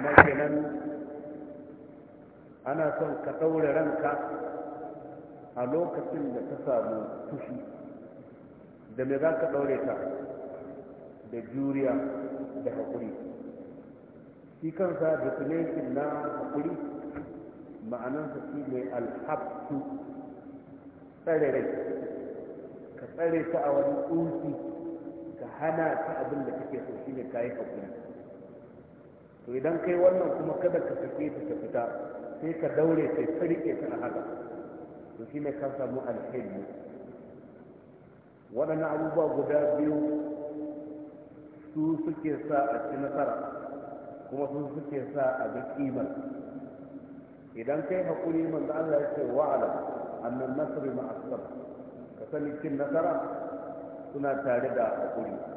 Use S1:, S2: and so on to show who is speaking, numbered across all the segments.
S1: ma'ana kenan ana son ka ɗaure ranka a lokacin da ta samu fushi da me za ka ɗaure ta da juriya da haƙuri shi kansa definition na haƙuri ma'anansa shi ne alhaftu tsare rai ka tsare ta a wani tsunki ka hana ta abin da kake so shi ne kayi haƙuri to idan kai wannan kuma kada ka tafi ta ta fita sai ka daure sai ka rike ta a haka to shi ne kan samu alheri waɗannan abubuwa guda biyu su suke sa a ci nasara kuma su suke sa a ga kimar idan kai haƙuri da Allah ya ce wa'ala annan nasri ma'a sabr ka sani cin nasara suna tare da hakuri.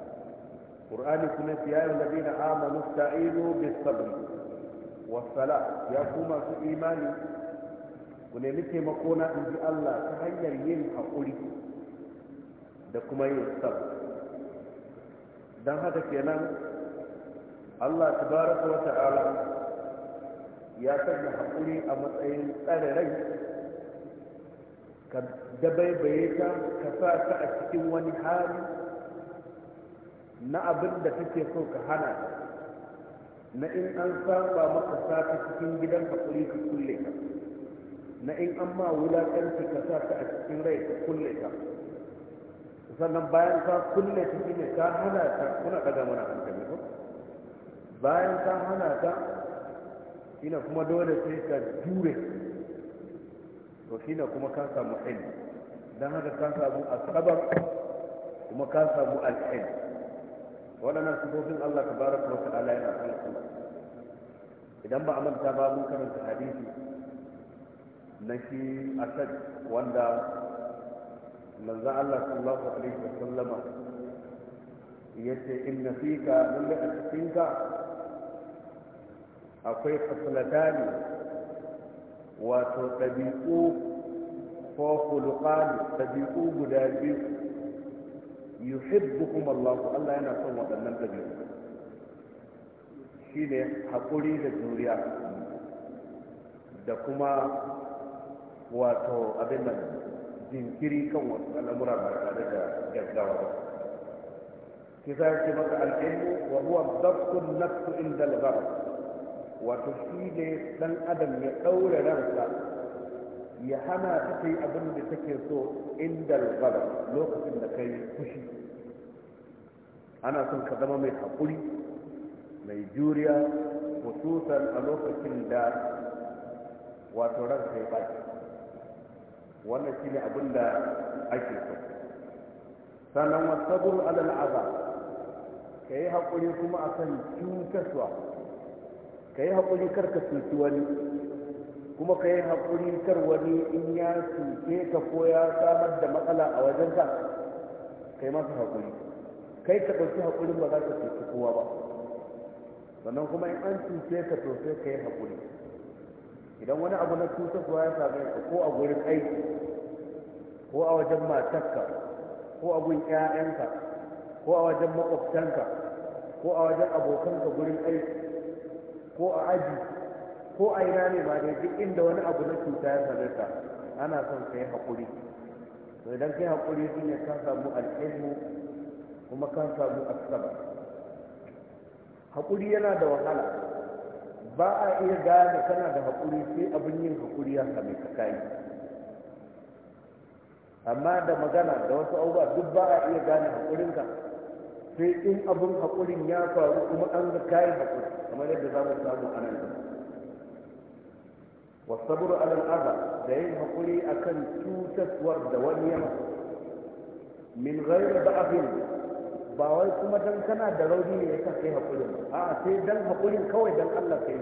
S1: qur'ani kuma ya yi ladina amanu ta'inu bis sabr was sala ya kuma su imani ku nemi taimako na inji Allah ta hanyar yin haƙuri da kuma yin sabr dan haka kenan Allah tabaraka wa ta'ala ya sanya haƙuri a matsayin tsare rai ka dabaibaye ta ka sa ta a cikin wani hali na abin da kake so ka hana na in an saba maka sata cikin gidan ka hakuri ka kulle ka na in an ma wulaƙanci ka sa ka a cikin rai ka kulle ka sannan bayan ka kulle ta shine ka hana ta kuna daga mana hankali ko bayan ka hana ta shine kuma dole sai ka jure to shine kuma ka samu ilmi dan haka ka samu asabar kuma ka samu alheri waɗannan sifofin Allah ta tabaraka wa ta'ala yana kala kala idan ba a manta ba mun karanta hadisi na shi asad wanda manzo Allah sallallahu alaihi wa sallama yace inna fika min da cikinka akwai fasalatani wato ɗabi'u ko kulukani ɗabi'u guda biyu yuhibbukum Allah Allah yana son waɗannan dabi'u shine hakuri da juriya da kuma wato abin nan jinkiri kan wasu al'amura ba
S2: tare da gaggawa ba
S1: kisa yake maka al'ilmu wa huwa dabtun nafsu inda al wato shine dan adam ya daure ransa ya hana ta ta abin da take so inda rubar lokacin da kai fushi ana son ka zama mai haƙuri mai juriya hususan a lokacin da wato ranka ya baki wannan shi ne abin da ake so sannan wasabru alal aza, ka yi haƙuri kuma akan cutarwa ka yi haƙuri karka cuci wani kuma ka yi haƙuri kar wani in ya cuce ka ko ya samar da matsala a wajen ka kai masa haƙuri kai ka ɗauki haƙurin ba za ka cuci kowa ba sannan kuma in an cuce ka to sai ka yi haƙuri idan wani abu na cutarwa ya same ka ko a gurin aiki ko a wajen matarka ko a gun 'ya'yanka ko a wajen maƙwabtanka ko a wajen abokanka gurin aiki ko a aji ko a ina ne ma dai duk inda wani abu na cuta ya same ka ana son ka yi haƙuri to idan ka yi haƙuri shi ne kan samu al'ilmu kuma kan samu asaba haƙuri yana da wahala ba a iya gane kana da haƙuri sai abin yin haƙuri ya same ka kayi amma da magana da wasu abubuwa duk ba a iya gane haƙurinka sai in abin haƙurin ya faru kuma an ga kayan haƙuri kamar yadda za mu samu a nan gaba والصبر على الأذى ده ينهقلي أكن توتس ورد واليمة من غير ضعف ba wai kuma dan da rauni ne yasa kai hakurin a sai dan hakurin kawai dan Allah kai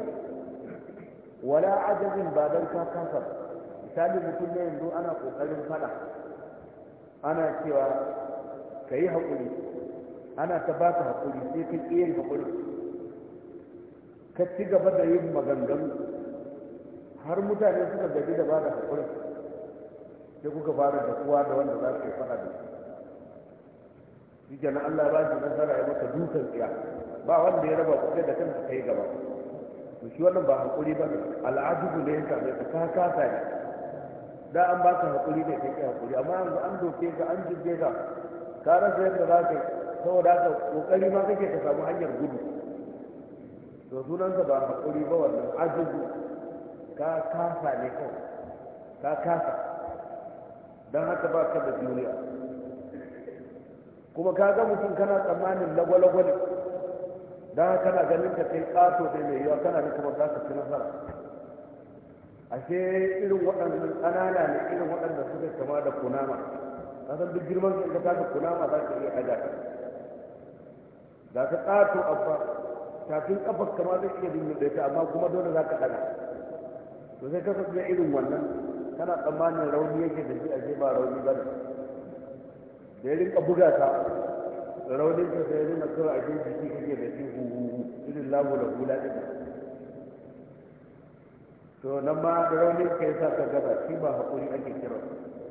S1: wala ajabin ba dan ka kasa misali mutum ne yanzu ana kokarin fada ana cewa kai hakuri ana ta baka hakuri sai ka iya hakurin ka ci gaba da yin maganganu har mutane suka gaji da bada haƙuri sai kuka fara da kuwa da wanda za su yi fada da shi shi kenan Allah ba shi nasara ya maka dukan tsiya ba wanda ya raba kuɗi da kanka kai gaba to shi wannan ba haƙuri ba al'ajibu ne ya same ka kasa ne da an baka haƙuri ne kai haƙuri amma yanzu an doke ka an jirge ka ka rasa yadda za ka yi saboda haka ƙoƙari ma kake ka samu hanyar gudu to sunansa ba haƙuri ba wannan ajibu ka kasa ne kawai ka kasa don haka ba ka da duniya. kuma ka ga mutum kana tsammanin lagwalagwa ne don haka kana ganin ka kai ƙato da mai yawa kana da kuma za ka ci nasara ashe irin waɗannan ƙanana ne irin waɗanda suka kama da kunama ka san duk girman ka ta da kunama za ka iya ɗaga ga ka ƙato abba tafin ƙafar kama zai iya bin ta amma kuma dole za ka ɗaga to zai kasance irin wannan kana tsammanin rauni yake da shi a ba rauni ba da ya rinka buga ta raunin ta sai rinka kawai a cikin jiki kake da shi huhu irin lagu da hula ɗin to nan ma raunin ka yi sa ka gaba shi ba haƙuri ake kira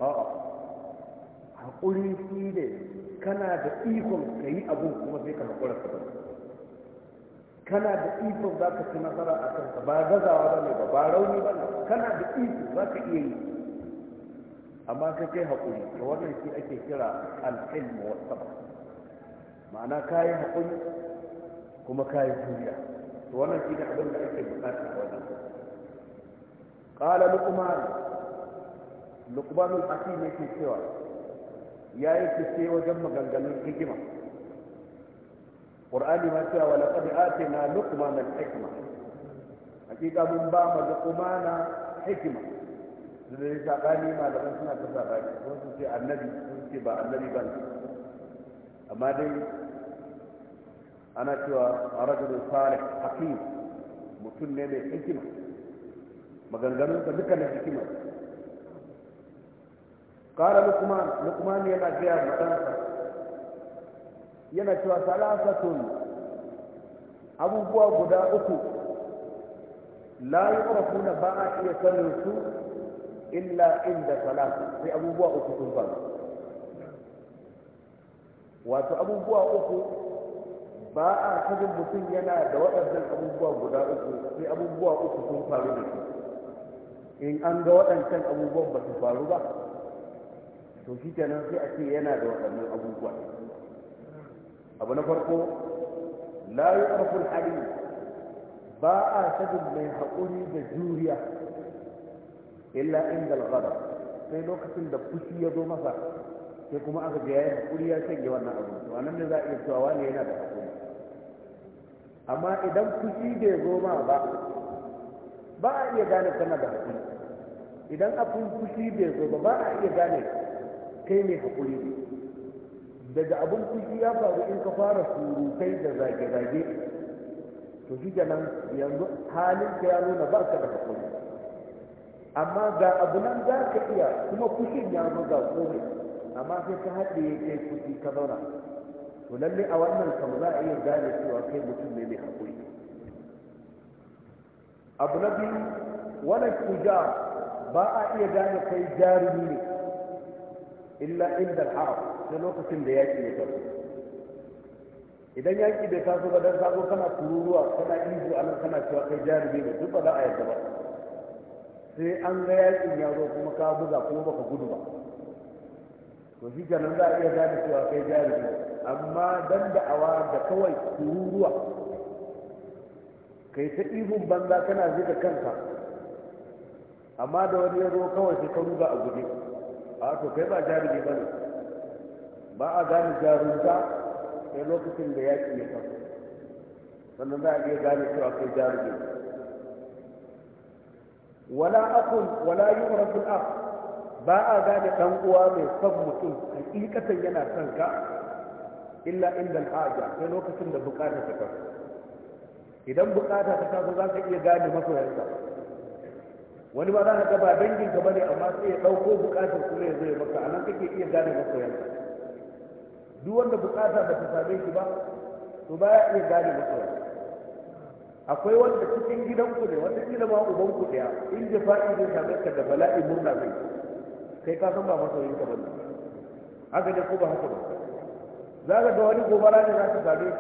S1: a haƙuri shi ne kana da ikon ka yi abin kuma sai ka haƙura ka ba kana da iko za ka ci nasara a kanka ba gazawa ba ne ba ba rauni ba ne kana da iko za ka iya yi amma ka kai haƙuri da wannan shi ake kira al'ilmu wa sabr ma'ana ka yi haƙuri kuma ka yi juriya to wannan shi ne abin da ake buƙata a wannan ƙala lukumari lukumari al ne yake cewa ya yi fice wajen maganganun hikima qur'ani ma cewa wa laqad atina luqman al-hikma hakika mun ba ma luqmana hikma da dai sabani malaman suna ta sabani wasu ce annabi wasu ce ba annabi ba amma dai ana cewa rajulun salih hakim mutum ne mai hikima maganganunsa duka na hikima قال لقمان لقمان يا جاء مدرسة yana cewa salasatun abubuwa guda uku la na ba a iya sanin su illa inda salasa sai abubuwa uku sun faru wato abubuwa uku ba a sanin mutum yana da waɗannan abubuwa guda uku sai abubuwa uku sun faru da shi in an ga waɗancan abubuwan ba su faru ba to shi kenan sai a ce yana da waɗannan abubuwa abu na farko la yuqafu al ba a sabin mai haƙuri da juriya illa inda al-ghadab sai lokacin da fushi ya zo masa sai kuma aka ga yayin haƙuri ya sanya wannan abu to anan ne za a iya cewa wani yana da haƙuri amma idan fushi bai zo ma ba ba a iya gane kana da haƙuri idan abin fushi bai zo ba ba a iya gane kai mai haƙuri ne daga abin kuɗi ya faru in ka fara surutai da zage-zage to shi nan yanzu halin ka ya nuna ba ka da hakuri amma ga abu nan za ka iya kuma kushin ya zo ga kome amma sai ka haɗe ya kai kuɗi ka zauna to lalle a wannan kam za a iya gane cewa kai mutum ne mai haƙuri. abu na biyu wani kuja ba a iya gane kai jarumi ne illa inda al'arab na lokacin da yaƙi ya taso idan yaƙi bai taso ba dan sako kana kururuwa kana ihu a nan kana cewa kai jarumi ne duk ba za a yarda ba sai an ga yaƙin ya zo kuma ka buga kuma baka gudu ba to shi kenan za a iya gane cewa kai jarumi amma dan awa da kawai kururuwa kai ta ihun banza kana zika kanka amma da wani ya zo kawai sai ka ruga a guje a to kai ba jarumi ba ne ba a gane jarumta sai lokacin da yaƙi ya nufa sannan za a iya gane cewa kai jarumi wala akun wala yu'rafu al ba a gane dan uwa mai son mutum hakikatan yana son ka illa inda al'ada sai lokacin da bukata ta kasu. idan bukata ta kasu za ka iya gane yanka. wani ba za ka gaba dangin ka bane amma sai ya dauko bukatar kuma ya zai maka anan kake iya gane masoyanka duk wanda bukata ba ta same shi ba to ba ya iya gane masoyanka akwai wanda cikin gidanku ne wanda kila ma ku daya in jafa'i zai same ka da bala'i murna zai kai ka san ba masoyinka bane haka ne ko ba haka ba za ka ga wani gobara ne za ka same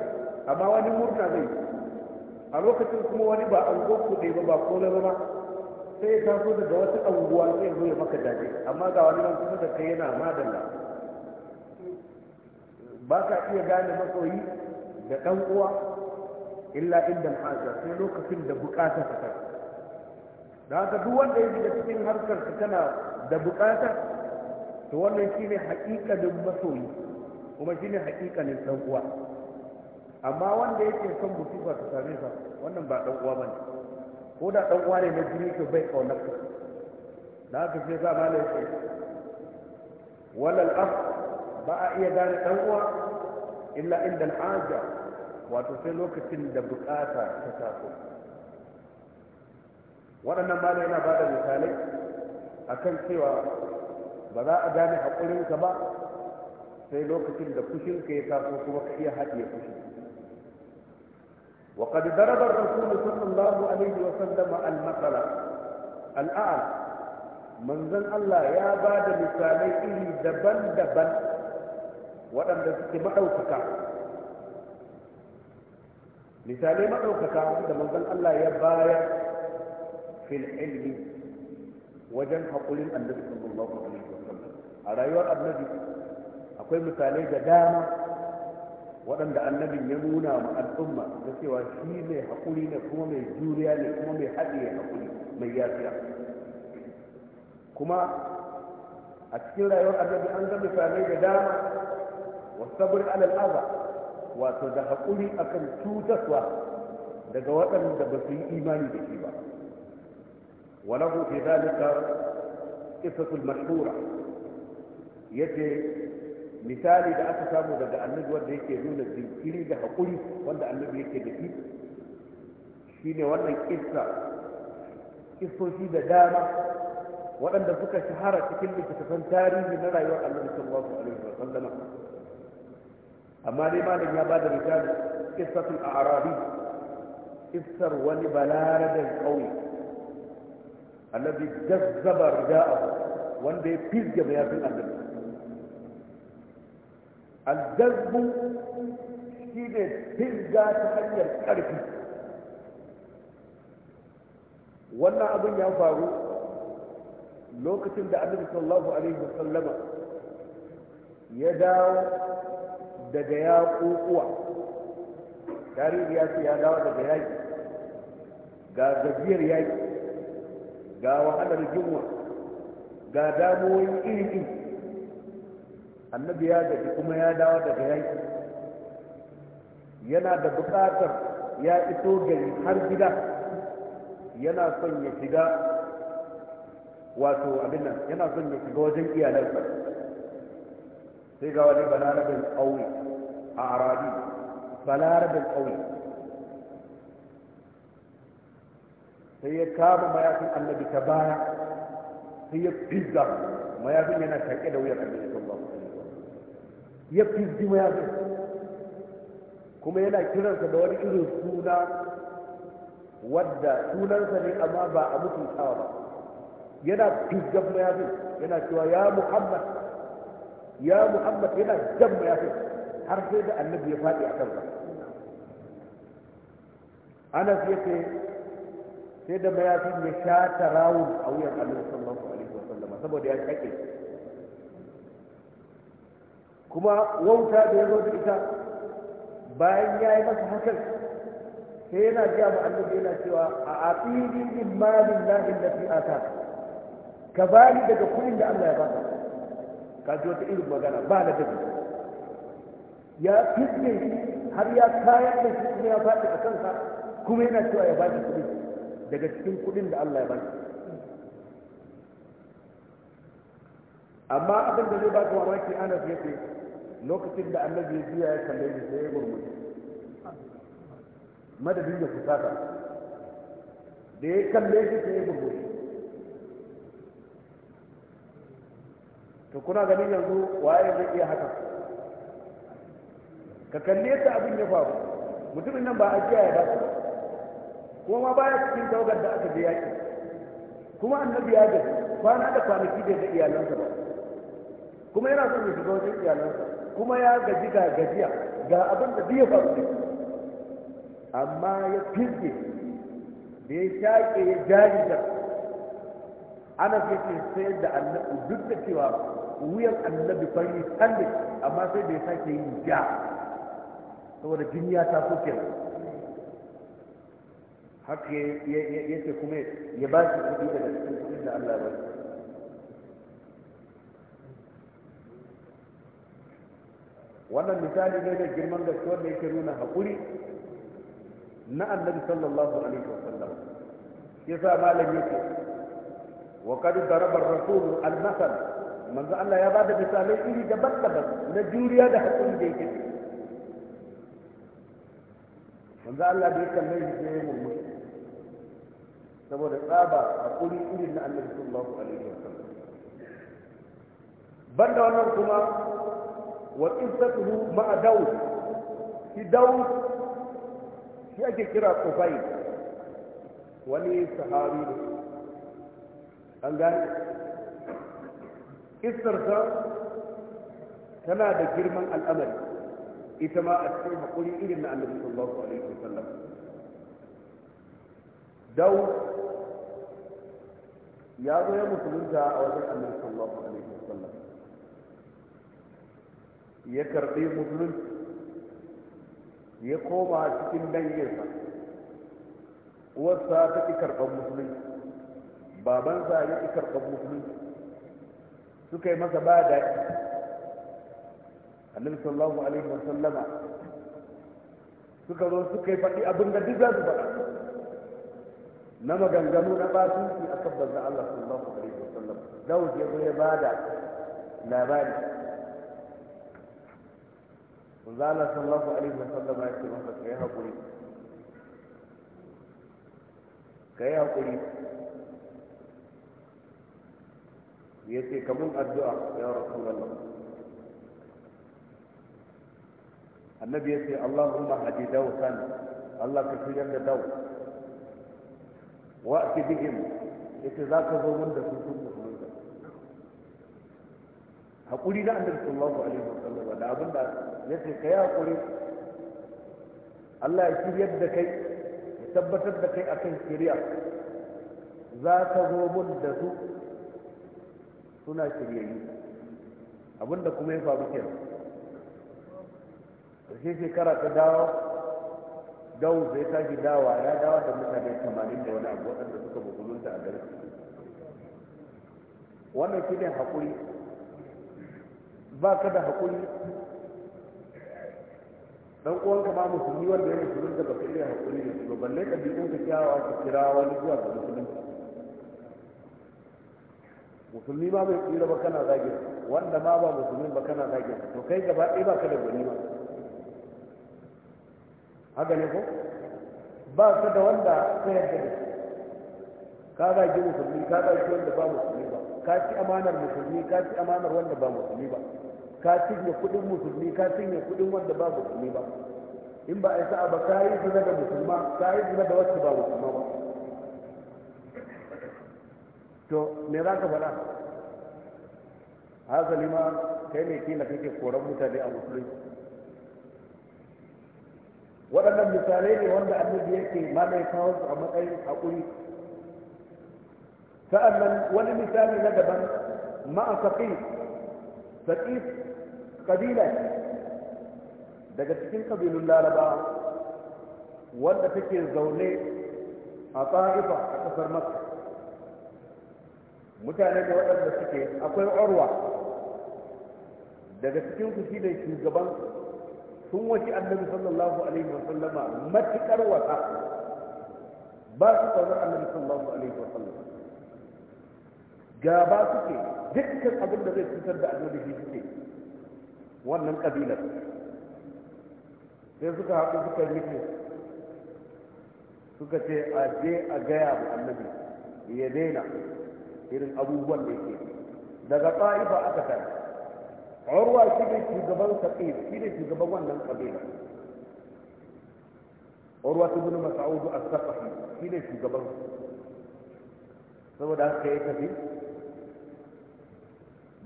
S1: amma wani murna zai a lokacin kuma wani ba an goku ɗaya ba ba kone ba sai ya so da wasu abubuwa sai ya zo maka daji amma ga wani nan kusa da kai yana madalla ba ka iya gane masoyi da ɗan uwa illa inda hajar sai lokacin da bukatar ka da haka duk wanda ya da cikin harkar ka tana da bukatar to wannan shine haƙiƙanin masoyi kuma shine haƙiƙanin ɗan uwa amma wanda yake son musifa ta same sa wannan ba ɗan uwa bane ko da ɗan uwa ne na jini to bai kaunar ka da haka sai za malai ce walal af ba a iya gane ɗan uwa illa inda al'aja wato sai lokacin da bukata ta taso waɗannan malai yana ba da misalai akan cewa ba za a gane haƙurinka ba sai lokacin da fushinka ya taso kuma ka iya haɗiye fushinka وقد ضرب الرسول صلى الله عليه وسلم المثل الآن من منزل الله يا بعد مثالي إلي دبن دبن وأن ذلك مأوكك مثالي مأوكك عند منزل الله يا بايا في العلم وجن حقول النبي صلى الله عليه وسلم على يوم النبي أقول مثالي دامه waɗanda annabin ya nuna ma al'umma da cewa shi mai haƙuri ne kuma mai juriya ne kuma mai haɗe haƙuri mai yafiya kuma a cikin rayuwar annabi an ga misalai da dama wasabir alal aza wato da haƙuri akan cutarwa daga waɗanda ba su yi imani da shi ba walahu fi zalika qisatul mashhura yace misali da aka samu daga annabi wanda yake nuna jinkiri da haƙuri wanda annabi yake da shi shine wannan kissa kissoshi da dama waɗanda suka shahara cikin littattafan tarihi na rayuwar annabi sallallahu alaihi wa sallama amma dai malam ya bada misali kissatul a'rabi kissar wani balaradan ƙauye annabi jazzaba rida'ahu wanda ya fizge mayafin annabi aljazbu shi ne fizga ta hanyar ƙarfi wannan abin ya faru lokacin da annabi sallallahu alaihi ya dawo daga ya tarihi ya ce ya dawo daga yaƙi ga gajiyar yaƙi ga wahalar jinwa ga damuwoyin iri iri annabi ya gaji kuma ya dawo daga yaki yana da bukatar ya iso gari har gida yana son ya shiga wato abin nan yana son ya shiga wajen iyalansa sai ga wani balarabin ƙauye a arabi balarabin ƙauye sai ya kama mayafin annabi ta baya sai ya fizza mayafin yana shaƙe da wuyar annabi sallallahu alaihi ya fizgi mayafi kuma yana kiransa da wani irin suna wadda sunansa ne amma ba a mutuntawa ba yana fizgan mayafi yana cewa ya muhammad ya muhammad yana jan mayafin har sai da annabi ya faɗi a kansa anas ya ce sai da mayafin ya sha tarawun a wuyan annabi sallallahu alaihi wasallam saboda ya shaƙe kuma wauta da ya da ita bayan ya yi masa hakan sai yana gaya ma annabi yana cewa a aqidin min malin la illa fi ata ka bani daga kudin da Allah ya ba ka ji wata irin magana ba da dabi ya fitne har ya kayan da shi kuma ya faɗi a kansa kuma yana cewa ya bani kuɗi daga cikin kuɗin da Allah ya ba amma abin da zai ba ka mamaki ana fiye lokacin da annabi ya juya ya kalle shi sai ya gurmuce madadin ya fusaka, da ya kalle shi sai ya gurmuce to kuna ganin yanzu waye zai iya haka ka kalle ta abin ya faru mutumin nan ba a jiya ya dace kuma ma baya cikin tawagar da aka je yaki kuma annabi ya gaji kwana da kwanaki da iyalansa ba kuma yana son ya shiga wajen iyalansa kuma ya gaji ga gajiya ga abin da biya faru amma ya fizge da ya shaƙe ya jarida ana fiye sayar da annabi duk da cewa wuyan annabi fari sanda amma sai da ya sake yi ja saboda duniya ta so haka ya ce kuma ya ba shi kuɗi daga cikin kudi da Allah ya wannan misali ne da girman gaske da yake nuna haƙuri na annabi sallallahu alaihi wasallam Ya sa malam yake wa qad daraba ar-rasul al-masal manzo Allah ya bada misalai iri daban-daban na juriya da haƙuri da yake manzo Allah bai kalle shi sai ya murmushi saboda tsaba haƙuri irin na annabi sallallahu
S2: alaihi wasallam
S1: banda wannan kuma wa izzatuhu ma'a daud shi daud shi ake kira kufai wani sahabi ne an gane tana da girman al'amari ita ma a haƙuri irin na annabi sallallahu alaihi wasallam daud ya baya ya musulunta a wajen annabi alaihi ya karɓi musulunci ya koma cikin danginsa uwarsa ta ƙi karɓar musulunci babansa ya ƙi karɓar musulunci suka yi masa ba daɗi annabi sallallahu alaihi sallama suka zo suka yi faɗi abin da duk za su faɗa na maganganu na batunci a kabbar da Allah sallallahu alaihi wasallam dawud ya zo ya bada labari manzo Allah sallallahu alaihi wasallam ya ce masa kai hakuri kai hakuri ya ce kamun addu'a ya rasulullah annabi ya ce Allahumma hadi dawsan Allah ka shirya da daw wa ati bihim yace zaka zo mun da sun musulunta hakuri da annabi sallallahu alaihi wasallam da abinda ya ce ka yi haƙuri Allah ya shiryar da kai ya tabbatar da kai akan shirya za ka zo mun da su suna shiryayyu abinda kuma ya faru kenan ƙarshe shekara ta dawo dawo zai tashi dawa ya dawa da mutane tamanin da wani abu waɗanda suka bukulunta a garin wannan shi ne haƙuri ba ka da haƙuri dan uwanka ba musulmi wanda ya musulmi da baka iya hakuri da su balle ka bi ka kyawa ka kira wani zuwa ga musulunci musulmi ma bai tsira ba kana zagin wanda ma ba musulmi ba kana zagin to kai gaba ɗaya ba ka da gani ba haka ne ko ba ka da wanda ka yarda da ka zagi musulmi ka zagi wanda ba musulmi ba ka ci amanar musulmi ka ci amanar wanda ba musulmi ba ka cinye kudin musulmi ka cinye kudin wanda ba musulmi ba in ba a yi sa'a ba ka yi zina da musulma ka yi zina da wacce ba musulma ba to me za ka faɗa hazali ma kai ne kila kake koran mutane a musulunci waɗannan misalai ne wanda annabi yake malai kawo su a matsayin haƙuri sa'annan wani misali na daban ma'a saƙi saƙi Ƙabila daga cikin kabilun laraba wadda take zaune a ta'ifa a kasar makka mutane da waɗanda suke akwai orwa daga cikin su shine shugaban sun waci annabi sallallahu alaihi wasallama matuƙar wata ba su tsaron annabi sallallahu alaihi wasallama gaba suke dukkan abin da zai cutar da annabi shi suke wannan ƙabilar sai suka haɗu suka rike suka ce a je a gaya wa annabi ya daina irin abubuwan da yake daga ta'ifa aka tare urwa shi ne shugaban saƙir shi ne shugaban wannan ƙabilar urwa ta a mas'udu a saƙafi shi ne shugaban saboda haka ya tafi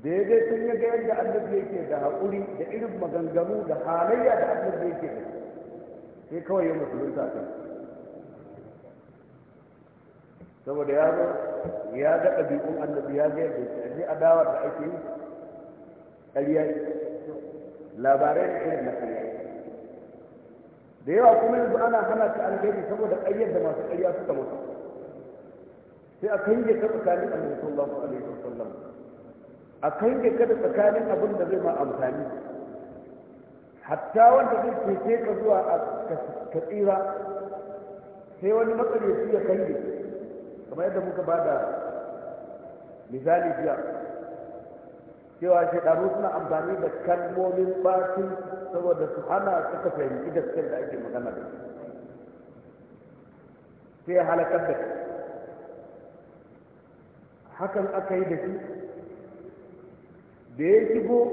S1: daidai sun ya ga yadda annabi yake da haƙuri da irin maganganu da halayya da annabi yake da sai kawai ya musulun ta saboda ya zo ya ga ɗabi'un annabi ya ga yadda ya adawa da ake yi ƙarya labarai da irin na ƙarya da yawa kuma yanzu ana hana ta alheri saboda ƙaryar da masu ƙarya suka mutu sai a kan yi ta tsakanin annabi sallallahu alaihi wasallam a kan ka da tsakanin abin da zai ma amfani hatta wanda zai cece ka zuwa a tsira sai wani matsalaci ya kange kamar yadda muka ba da misali jiya cewa shekaru suna amfani da kalmomin batin saboda su hana suka fahimci gaskiyar da ake magana da sai halakar da hakan aka yi da shi da ya shigo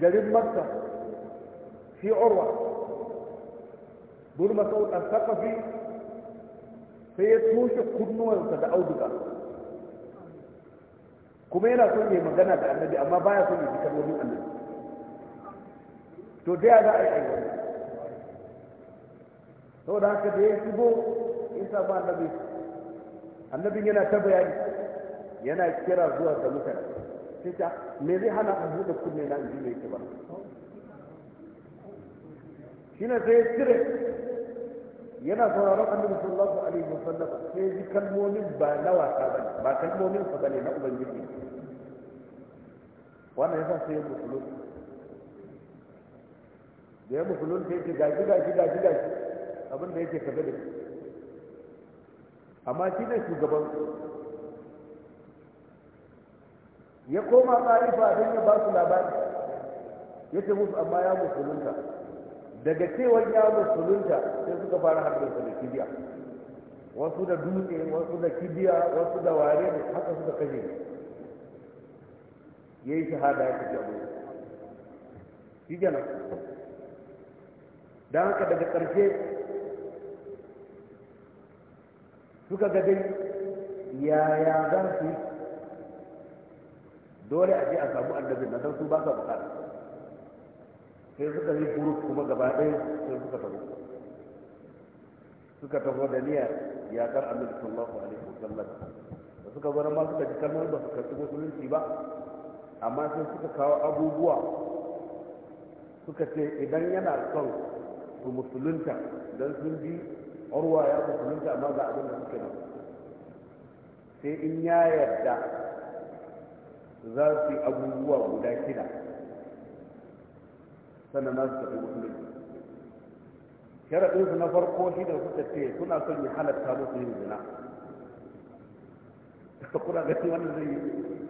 S1: garin makka shi urwa bin masaud al-saqafi sai ya toshe kunnuwansa da auduga kuma yana son ya magana da annabi amma baya son ya ji kalmomin annabi to da za a yi sau saboda haka da ya shigo in samu annabi annabin yana ta bayani yana kira zuwa da mutane sai me zai hana a buɗe kunne na inji mai kiba shi ne sai cire yana sauraron annabi sallallahu alaihi wasallam sai ji kalmomin ba na wasa bane ba kalmomin sa bane na ubangiji wannan yasa sai ya musulun da ya musulun sai ce gashi gashi gashi gashi abin da yake tafi da amma shi ne shugaban ya koma ƙarifa don ya ba su labari ya ce musu amma ya musulunta daga cewar ya musulunta sai suka fara harkarsa da kibiya wasu da dutse wasu da kibiya wasu da ware da haka suka kashe ya yi shahada ya tafi abu shi kenan don haka daga ƙarshe suka ga dai yaya za su yi dole a je a samu annabin na san su ba sa bukata sai suka yi guruf kuma gaba ɗaya sai suka tafi suka tafi da niyyar yakar annabi sallallahu alaihi wasallam da suka zo ma suka ji kalmar ba su karɓi musulunci ba amma sai suka kawo abubuwa suka ce idan yana son su musulunta don sun ji orwa ya musulunta amma ga abin da suke nan sai in ya yarda za su yi abubuwa guda kira sannan na su tafi musulunci sharaɗinsu na farko shi da suka ce suna son yi halatta musu yin zina ta kuna gani wannan zai yi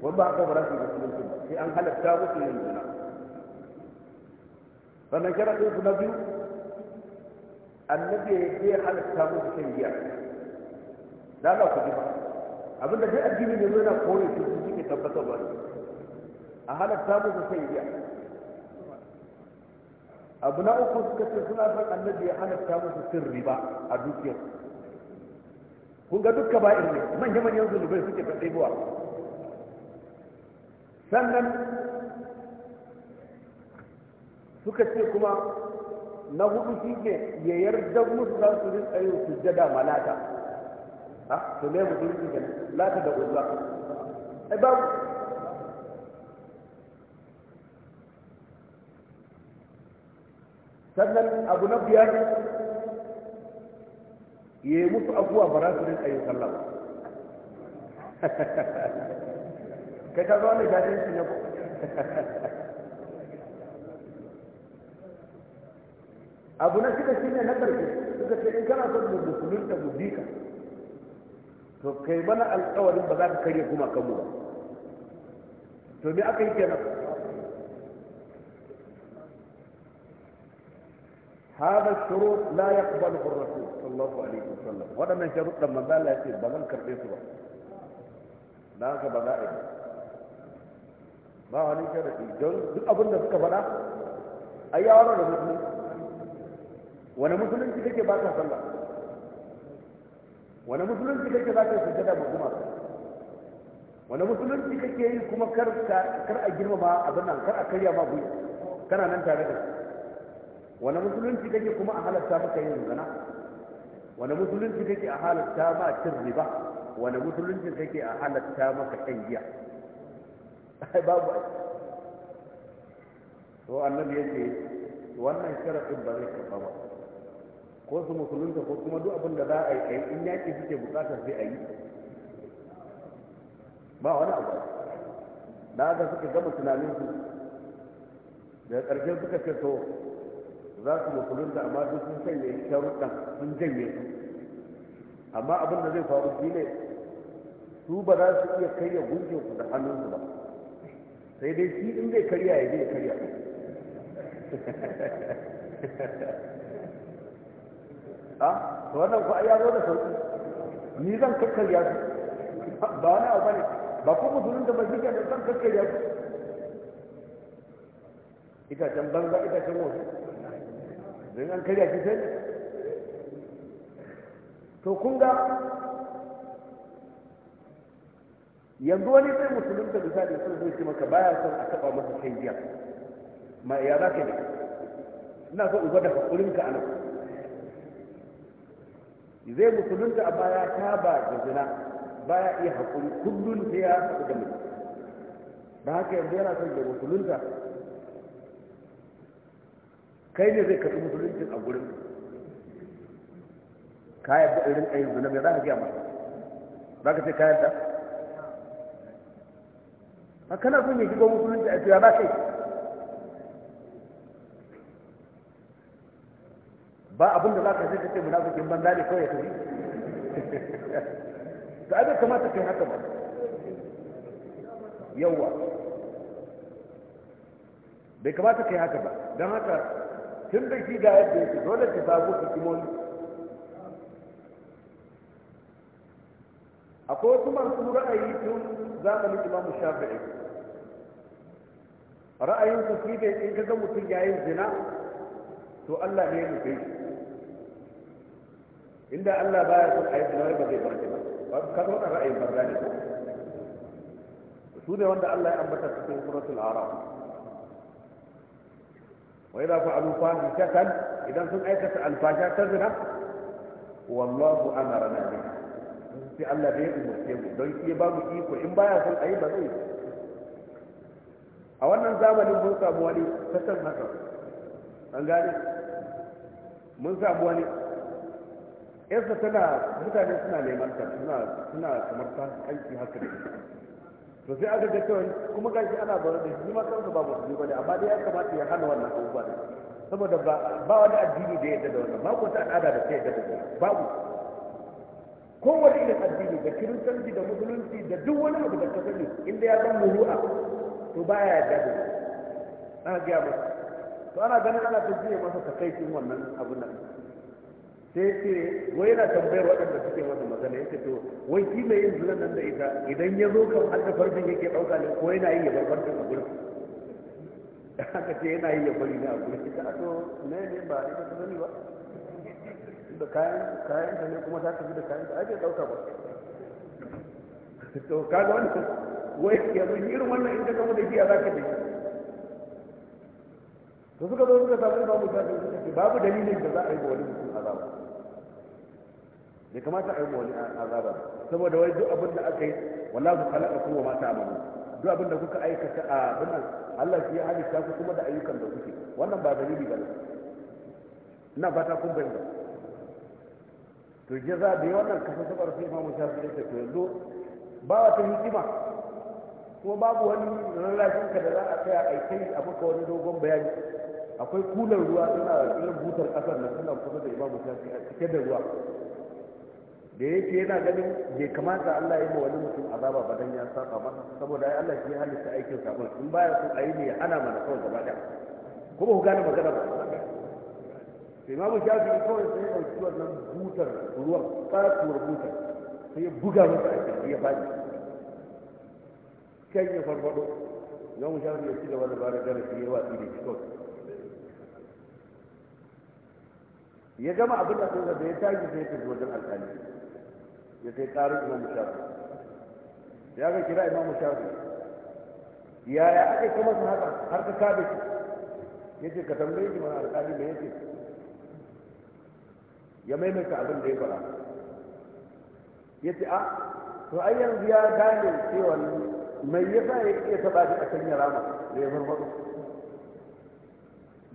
S1: wani ba aka bara su musulunci ba sai an halatta musu yin zina sannan sharaɗinsu na biyu annabi ya yi halatta musu shan giya da ku ji ba abin da addini ne yana kore su su suke tabbatar ba a halatta musu sai iya abu na uku suka ce suna son annabi ya halatta musu cin riba a dukiyar kun ga dukka ba ne manya manyan zunubai suke ta ɗaibuwa sannan suka ce kuma na hudu shi ne ya yarda musu za su rinka yin sujjada malata ha to me musulunci kenan lata da uzza ai babu sannan abu na biyar ya yi musu abuwa ba za su rinka yin sallah ba kai ka zo wani shafin shi ne ko abu na shida shi ne na ƙarfi suka ce in kana son mu musulunta mu bi to kai mana alƙawarin ba za ka karya kuma kanmu ba to me aka yi kenan هذا الشروط لا يقبله الرسول صلى الله عليه وسلم وانا من شروط لما قال لا يصير بلن كربيت لا كبدائل ما عليك شرطي دول دول أبن نفسك بلا أي عرض المسلم وانا مسلم كده كده باتا صلى الله wani musulunci kake za ka sujjada ma kuma wani musulunci kake yi kuma kar a girma girmama abin nan kar a karya ma gudu kana nan tare da wani musulunci kake kuma a halatta maka yin zana wani musulunci kake a halatta ma cin riba wani musulunci kake a halatta maka ɗan giya babu a to annabi yake wannan sharafin ba zai karɓa ba ko su musulunta ko kuma duk abin da za a yi kai in yaƙi suke buƙatar sai a yi ba wani abu da ga suka gama tunaninsu daga ƙarshe suka ce to za su musulunta amma duk sun sanya sharuɗan sun janye su amma abin da zai faru shi ne su ba za su iya karya su da hannun su ba sai dai shi in zai karya ya ya karya ha wannan ku ya zo da sauki ni zan kakkarya su ba wani abu ne. ba ku musulun da ba shi kenan zan kakkarya su can banza ita itacen wasu don an karya shi sai to kun ga yanzu wani sai musulun da misali sun zai ce maka baya son a taba masa kai biya ma ya za ka yi ina so in gwada hakurinka a nan zai musulunta a baya ta ba da zina baya iya haƙuri kullum sai ya haɗu da mutum da haka yanzu yana son ya musulunta kai ne zai karɓi musuluncin a gurin kayan da irin ɗayin zina mai za ka gaya masa za ka ce kayan ta a na son ya shiga musulunci a tuya ba kai ba abin da za ka sai ka ce munafikin banza ne kawai ya tafi to ai bai kamata kai haka ba yawa bai kamata kai haka ba don haka tun da shi ga yadda yake dole ka samu hikimomi akwai wasu masu ra'ayi tun zamanin imamu shafi'i ra'ayin su shi da in ka ga mutum yayin zina to Allah ne ya nufe shi inda Allah baya son a yi tunani ba zai barke ba ka zo da ra'ayin barza ne su ne wanda Allah ya ambata cikin suratul araf wa idza fa'alu fahishatan idan sun aikata alfasha ta zina wallahu amarna bihi sai Allah bai umurce mu don iya ba mu iko in baya son a yi ba zai a wannan zamanin mun samu wani ta haka an gane mun samu wani yarsa tana mutane suna neman ta suna suna kamar ta aiki haka da to sai aka ga cewa kuma gashi ana bar da shi ma kansa ba musulmi bane amma dai ya kamata ya hana wannan abubuwa ne saboda ba ba wani addini da ya yadda da wannan ba ku ta al'ada da ta yadda da wannan babu kowane irin addini da kiristanci da musulunci da duk wani abu da ka sani inda ya zama muru'a to baya yadda da ana gaya masa to ana ganin ana ta jiye masa takaicin wannan abu nan sai ce wai yana tambayar waɗanda suke masa magana yake to wai shi mai yin zunan nan da ita idan ya zo kan hadda farjin yake ɗauka ne ko yana yi ya bar farjin a gurin haka ce yana yi ya bari na a gurin ita a to ne ne ba ita ta ba da kayan kayan ta ne kuma ta tafi da kayan ta ake ɗauka ba to kaga wannan wai yanzu irin wannan in ka gama da shi a zaka da to suka zo suka samu babu mu suka babu dalilin da za a yi wa wani mutum azaba bai kamata a yi wani azaba saboda wai duk abin da aka yi wallahu khalaqa kuma ma ta'malu duk abin da kuka aikata a abin Allah shi ya halitta ku kuma da ayyukan da kuke wannan ba dalili bane ina ta kun bayyana to jaza da wannan kasa sabar sai ma shafi ya ce to yanzu ba wata hikima kuma babu wani rarrafin ka da za a tsaya a kai a maka wani dogon bayani akwai kular ruwa suna irin butar kasar nan suna kusa da imamu shafi a cike da ruwa da yake yana ganin bai kamata Allah ya yi wani mutum azaba ba dan ya saba ba saboda ai Allah shi ya halitta aikin sabon in baya so ayi ne ana mana kawai gaba daya ko ba ku gane magana ba sai ma mu shafi kawai sai ci wannan butar ruwan tsatsuwar butar sai ya buga masa a cikin ya fadi kai ya farfado ya mu shafi ya ci gaba da gare shi ya watsi da shi kawai ya gama abin da sun da ya tashi sai ya tafi wajen alƙali ya kai karin imam shafi ya ga kira imam shafi yaya aka kuma su haka har ka kabe shi ya ce ka tambaye shi mana alƙali mai yake ya maimaita abin da ya faɗa ya ce a ah, to ai yanzu ya gane cewa mai yasa ya iya taɓa shi a sanya rama da ya farfaɗo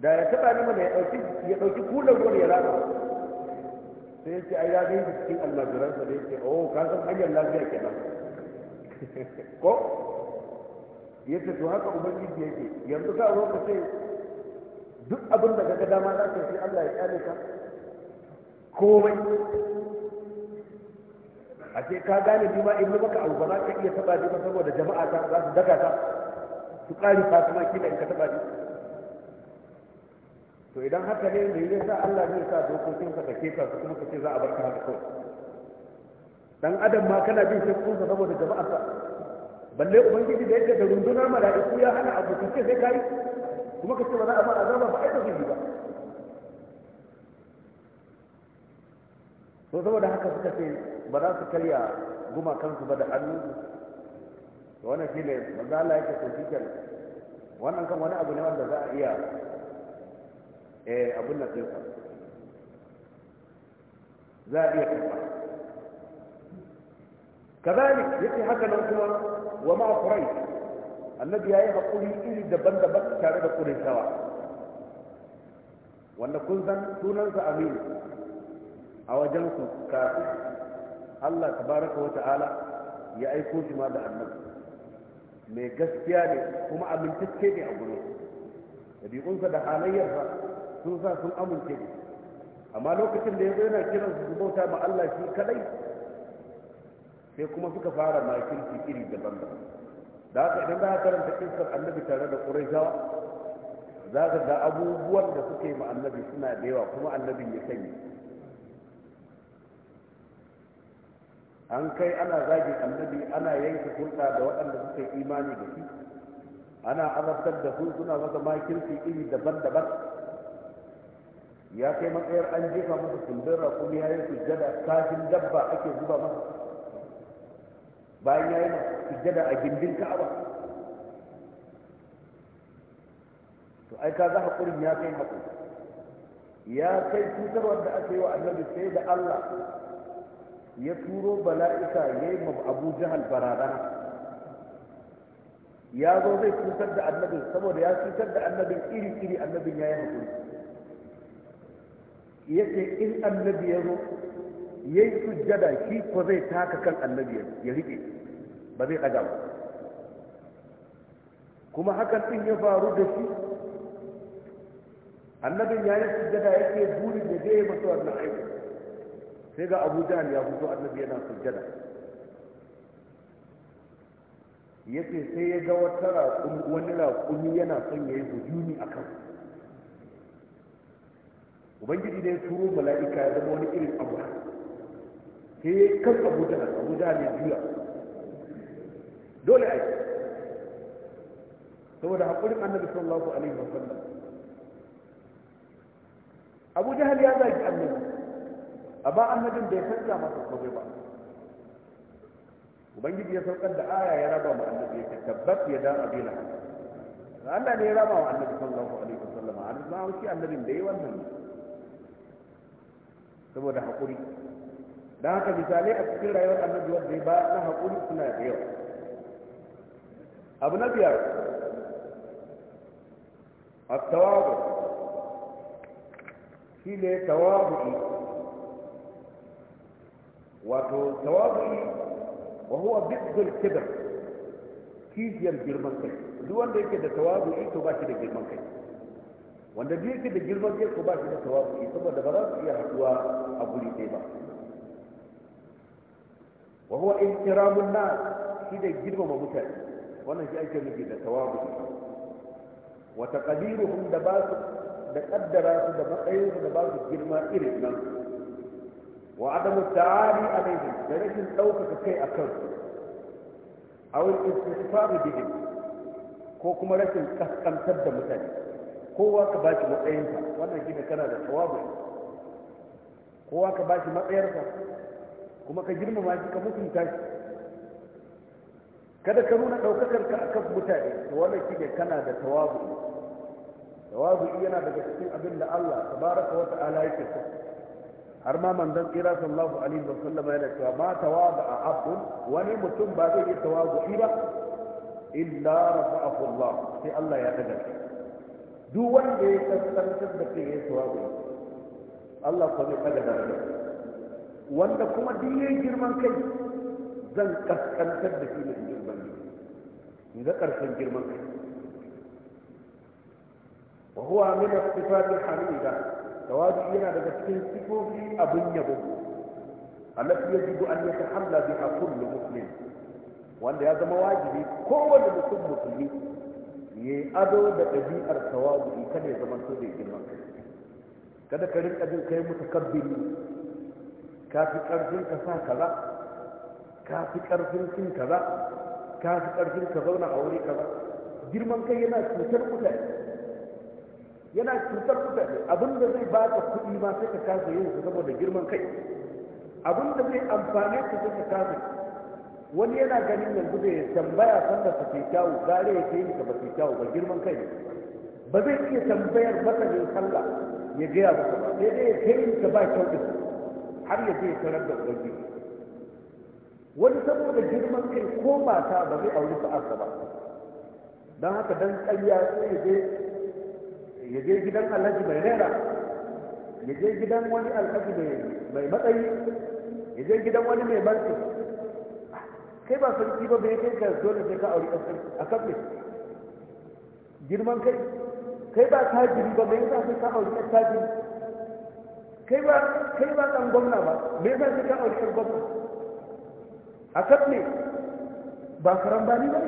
S1: da ya taɓa ni mana ya ɗauki kulan ruwan ya rama sai ya ce ya gaisa cikin almajiransa da yake oh ka san hanyar lafiya nan ko ya ce to haka ubangiji yake yanzu ka zo ka ce duk abin da kaga dama za ka fi Allah ya kyale ka komai a ce ka gane ni ma in maka abu ba za ka iya taba ni ba saboda jama'a ta za su daga ta su kari fatima kila in ka taba ni to idan haka ne da zai sa Allah zai sa dokokin ka take ka kuma ka ce za a bar ka haka kawai dan adam ma kana bin shakkun kun saboda jama'a sa balle ubangiji da yake da rundunar mala'iku ya hana abu kace sai kai kuma kace ba za a ba azaba ba ai ba zai ba to saboda haka suka ce ba za su karya kansu ba da hannu to wannan shine manzo Allah yake so shi wannan kan wani abu ne wanda za a iya eh abun nan ɗinsa za a iya karɓa kazalik yake haka nan kuma wa ma kurai annabi yi hakuri iri daban-daban tare da kurin sawa wanda kun san sunansa aminu a wajen su kafin Allah tabaraka wa ta'ala ya aiko shi ma da annabi mai gaskiya ne kuma amintacce ne a gurin ɗabi'unsa da halayyarsa sun sa sun amince da amma lokacin da ya zo yana kiran su bauta ma Allah shi kadai sai kuma suka fara makin iri daban-daban da haka idan za ka karanta kisar annabi tare da ƙuraishawa za ka ga abubuwan da suka ma annabi suna da yawa kuma annabin ya sanya. an kai ana zagin annabi ana yanke hulɗa da waɗanda suka yi imani da shi ana azabtar da su suna masa makin iri daban-daban ya kai matsayar an jefa masa kundin rakumi ya yi sujjada kafin dabba ake zuba masa bayan ya yi sujjada a gindin ka'aba to ai ka za haƙurin ya kai haƙu ya kai cutarwar da aka yi wa annabi sai da allah ya turo Bala'isa ya yi ma abu jihar barazana ya zo zai cutar da annabin saboda ya cutar da annabin iri-iri annabin ya yi haƙuri ce in annabi ya zo yayi sujjada shi ko zai taka kan annabi ya rike ba zai ɗaga ba kuma hakan ɗin ya faru da shi annabin yayi sujjada ke burin da zai masa wannan aiki sai ga Abu Jahl ya fito annabi yana sujjada ce sai ya ga wata wani raƙumi yana son ya yayi hujumi kansu ubangiji da ya turo mala'ika ya zama wani irin abu sai ya kan abu da abu da ne juya dole ai saboda haƙurin annabi sallallahu alaihi wa sallam abu jahal ya zagi annabi a ba annabin bai canza masa komai ba ubangiji ya saukar da aya ya raba mu annabi ya tabbat ya da abila Allah ne ya raba wa annabi sallallahu alaihi wa sallam annabi ma shi annabin da yi wannan saboda haƙuri don haka misalai a cikin rayuwar annabi wanda ya ba na haƙuri suna da yawa abu na biyar a tawabu shi ne yi wato tawabu'i wa huwa bidul kibr kijiyar girman kai duk wanda yake da yi to ba shi da girman kai wanda biyu yake da girman zai ko ba shi da tawafi saboda ba za su iya haduwa a guri ɗaya ba wa huwa ihtiramun nas shi da girmama mutane wannan shi ake nufi da tawafi wa taqdiruhum da ba su da kaddara su da matsayin su da ba su girma irin nan wa adamu ta'ali alaihim da rashin ɗaukaka kai akan su a istifaru bihim ko kuma rashin kaskantar da mutane kowa ka ba shi matsayinsa wannan ne kana da tawabu kowa ka ba shi matsayarsa kuma ka girmama shi ka mutunta shi kada ka nuna ɗaukakar ka akan mutane to wannan ne kana da tawabu tawabu yana daga cikin abin da Allah tabaraka wa ta'ala yake so har ma manzon kira sallallahu alaihi wa sallam yana cewa ma tawabu a abdun wani mutum ba zai yi tawabu ba illa rafa'ahu Allah sai Allah ya daga shi duk wanda ya kaskantar da kai yayi sawabi Allah ko zai kada daraja wanda kuma duk girman kai zan kaskantar da shi ne girman ni ga karshen girman kai wa huwa min as al-hamida tawadu yana daga cikin sifofi abun yabo ya yajibu an yatahamla biha kullu muslim wanda ya zama wajibi kowane mutum musulmi ya yi ado da ɗabi'ar tawadu kada ya zama da girman kai kada ka rinka jin kai mutakabbiri ka fi ƙarfin ka sa kaza ka fi ƙarfin kin kaza ka fi ƙarfin ka zauna a wuri kaza girman kai yana cutar mutane yana cutar mutane abinda zai ba ka kuɗi ma sai ka kasa yin su saboda girman kai abinda zai amfane ka sai ka kasa wani yana ganin yanzu da ya tambaya sanda ta ke kyawu gare ya kai ka ba ke kyawu ba girman kai ba zai iya tambayar masanin sallah ya gaya ba sai dai ya kai ka ba kyau din har ya je ya tarar da ubangiji wani saboda girman kai ko mata ba zai auri sa'arsa ba don haka dan ƙarya sai ya je ya je gidan alhaji mai rera ya je gidan wani alhaji mai matsayi ya je gidan wani mai barci kai ba sarki ba bai kai ka dole sai ka auri ɗan sarki a kan girman kai kai ba tajiri ba bai yasa sai ka auri ɗan tajiri kai ba kai ba ɗan gwamna ba bai yasa sai ka auri ɗan gwamna a kan ba karan bani ba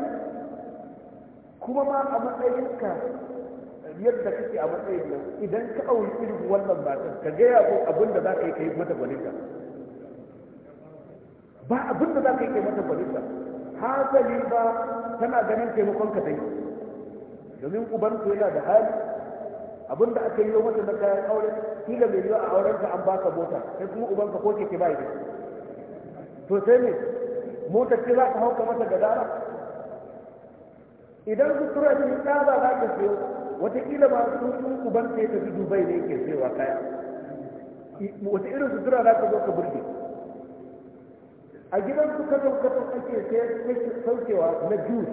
S1: kuma ma a matsayinka yadda kake a matsayin nan idan ka auri irin wannan matan ka gaya ko abinda za ka yi ka yi mata gwaninka ba abin da za ka yi kai mata balista hasali ba tana ganin taimakon ka dai domin uban ku yana da hali abin da aka yi mata na kayan aure kila mai yiwa a auren ka an baka mota sai kuma uban ka ko keke ba ido to sai ne motar ce za ka hauka mata gadara idan su tura ta ba za ka siyo wataƙila ma sun uban ka ya tafi dubai ne ke sayowa kaya wata irin sutura za ka zo ka burge a gidan su katon katon ake sai saukewa na jus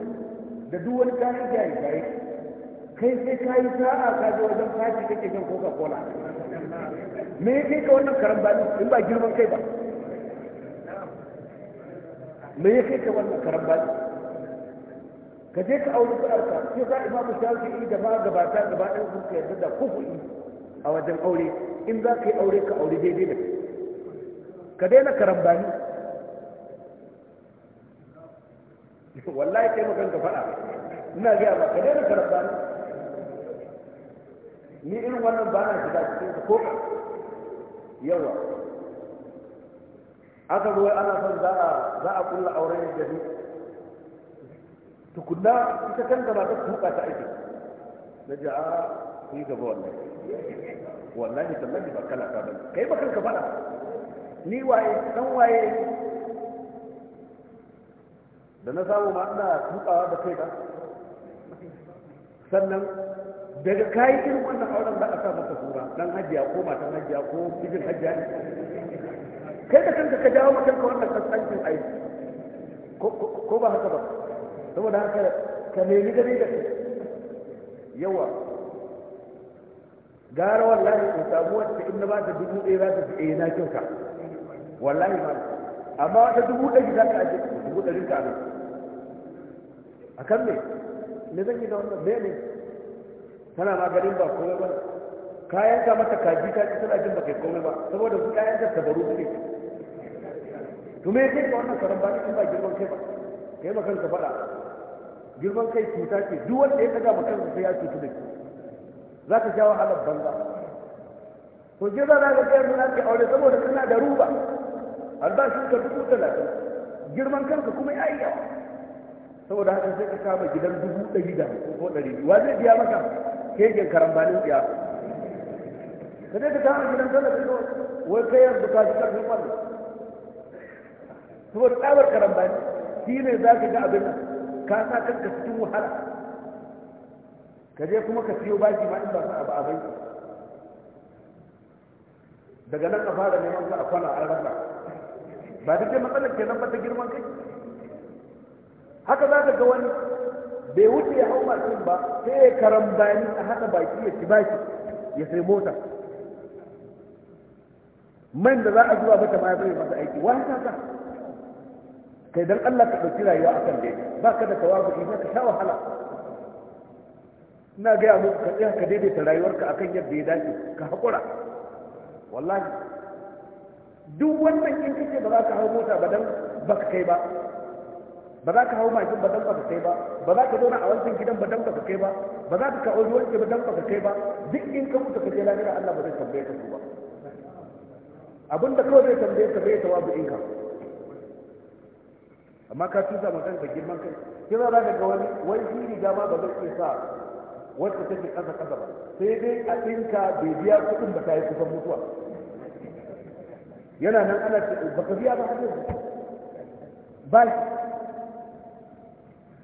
S1: da duk wani kayan jari bai kai sai ka yi sa'a ka je wajen ka kake kan coca cola me ya kai ka wannan karan bali in ba girman kai ba me ya kai ka wannan karan bali ka je ka auri ka sai sa imamu shafi'i da ma gabata gaba ɗan sun ka yarda da kufu'i a wajen aure in za ka yi aure ka aure daidai da ka daina karambani wallahi kai makan ka faɗa ina gaya ma ka daina karɓa ni irin wannan ba na shiga cikin ka ko yawa aka zo ana son za a za a kulla auren da ni tukunna ita kanta ba ta tuka ta aiki na ji a yi gaba Wannan wallahi tallahi ba kala ka bane kai ba ka faɗa
S2: ni waye dan waye
S1: da na samu ma ana tutsawa da kai ba sannan daga kayi irin wannan auren za a sa masa sura dan hajiya ko matan hajiya ko cikin hajiya kai da kanka ka jawo mutum ka wannan kasancin aiki ko ba haka ba saboda haka ka nemi gare da kai yawa gara wallahi ko samu wacce in na ba ta dubu ɗaya za ta fi ɗaya eh, na kyauta wallahi ma amma wata dubu ɗari za ka aje dubu ɗari ka aje a kan me me zan yi da wannan me ne tana maganin ba komai ba kayan ka mata kaji ta ci tana jin ba kai komai ba saboda su kayan ka tabaru ne.
S2: to me kai da wannan karan
S1: ba kin ba girman kai ba kai ma kanka fada girman kai cuta ce duk wanda ya kaga maka sai ya cutu da shi za ka sha wahalar banza to je za ka ga kai mun ake aure saboda kana da ruba albashin ka dubu talatin girman kanka kuma ya yi yawa saboda haka sai ka kama gidan dubu ɗari da ko ɗari wa zai biya maka keken karambanin biya? ka dai ka kama gidan talabijin kawai wai kai yanzu ka shi ƙarfin wannan saboda tsabar karambani shi ne za ka ga abin ka sa kanka cikin wahala ka je kuma ka siyo baki ma in ba sa abu a daga nan a fara neman ka a kwana a rarraba ba ta ce matsalar kenan ba ta girman kai haka za ka ga wani bai wuce ya hau mashin ba sai ya karan bayani a haɗa baki ya ci baki ya sai mota man da za a zuwa mata ma ya bai masa aiki wani ka? kai dan Allah ka ɗauki rayuwa akan dai ba ka da tawazu ina ka sha wahala ina gaya muku ka tsaya ka daidaita rayuwarka akan yadda ya dace ka haƙura wallahi duk wannan in kake ba za ka hau mota ba dan baka kai ba ba za ka hau mashin ba dan baka kai ba ba za ka zauna a wancan gidan ba dan baka kai ba ba za ka kawo ruwan ba dan baka kai ba duk in ka mutu ka je lahira Allah ba zai tambaye ka su ba abin da kawai zai tambaye ka bai tawabu in ka amma ka tusa ma kanka girman kai kira za ka ga wani wai shi riga ma ba zai iya sa wacce take kasa kasa ba sai dai a ɗinka bai biya kuɗin ba ta yi kusan mutuwa yana nan ana ba ka biya ba ba shi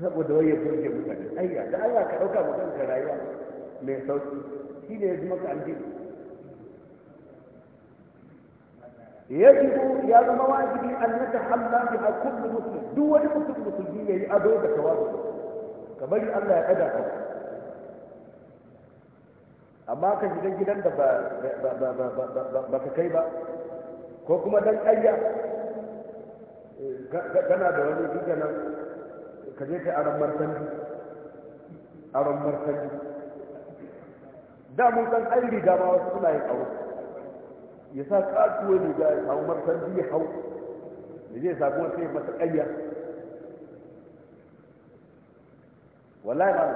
S1: saboda wai ya burge mutane ayya da Allah ka dauka mutum ka rayuwa mai sauki shi ne ya zama ka aljihu yajibu ya zama wajibi an nata hamla bi a kullum muslim duk wani mutum musulmi ya yi ado da tawazu ka bari Allah ya ɗaga ka amma ka shiga gidan da ba ka kai ba ko kuma dan ayya eh, kana da wani gidanar ka je ka aron martani aron martani da mun san an riga ma wasu suna yin aro ya sa katuwa riga ya samu martani ya hau da zai sa kuma sai masa ƙarya wallahi ba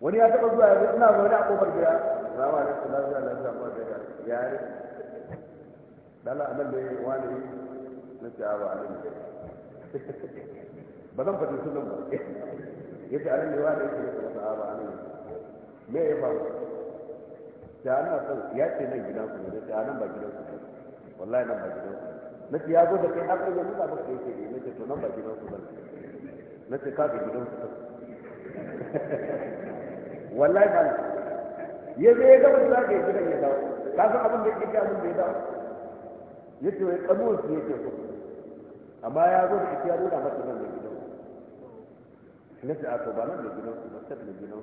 S1: wani ya taɓa zuwa yanzu ina zaune a ƙofar gida rawa ne su lafiya lafiya ba da yare dala anan da wani na ce ba a nan ba zan faɗi sunan ba ya ce sahaba me ya faru ta ana son ya ce nan gidan ku ne ta nan ba gidan ku ne wallahi nan ba gidan ku na ce ya zo da kai nuna maka yake ne na ce to nan ba gidan ku ba na ce ka ga gidan ku wallahi ba ya ya gaba gidan ya dawo ka san abin da ya ke da ya dawo ya ce wai kanuwar su amma ya zo da ita ya nuna masa nan da gidan na ce a to ba nan da gidan su ba ta da gidan su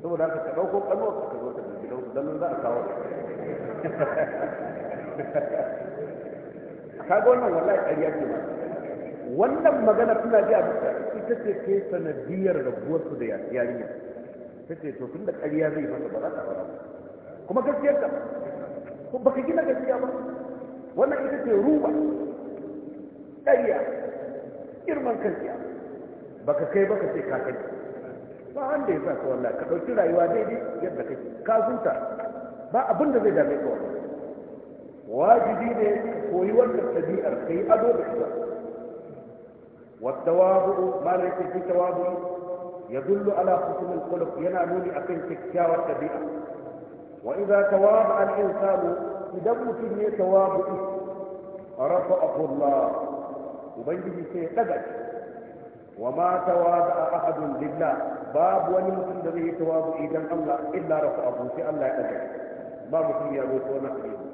S1: saboda haka ka ɗauko ƙalwar ka zo ta da gidan su don za a kawo ka ga wannan wallahi ƙarya ce ba wannan magana suna ji a ita ce ke sanadiyar rabuwar su da yarinya ta ce to tun da ƙarya zai masa ba za ta fara kuma gaskiyar ka ba ka gina gaskiya ba wannan ita ce ruba ɗariya girman kanciya ba ka kai ba ka sai kakai ba an da ya sa kawai ka ɗauki rayuwa daidai yadda ka kake kazunta ba abinda zai dame ka wani. wajibi ne koyi wannan tabi'ar ka yi ado da ita Wata wabu mara yake fi ta wabu ya dullu ala kusurin kulub yana nuni a kan kyakkyawar tabi'a wa iza ta wabu samu idan mutum ne ta wabu rafa akullah ubangiji sai ya daga wa ma tawada ahadun lillah babu wani mutum da zai yi idan Allah illa rafa abu sai Allah ya daga ba mutum ya ko na hadisi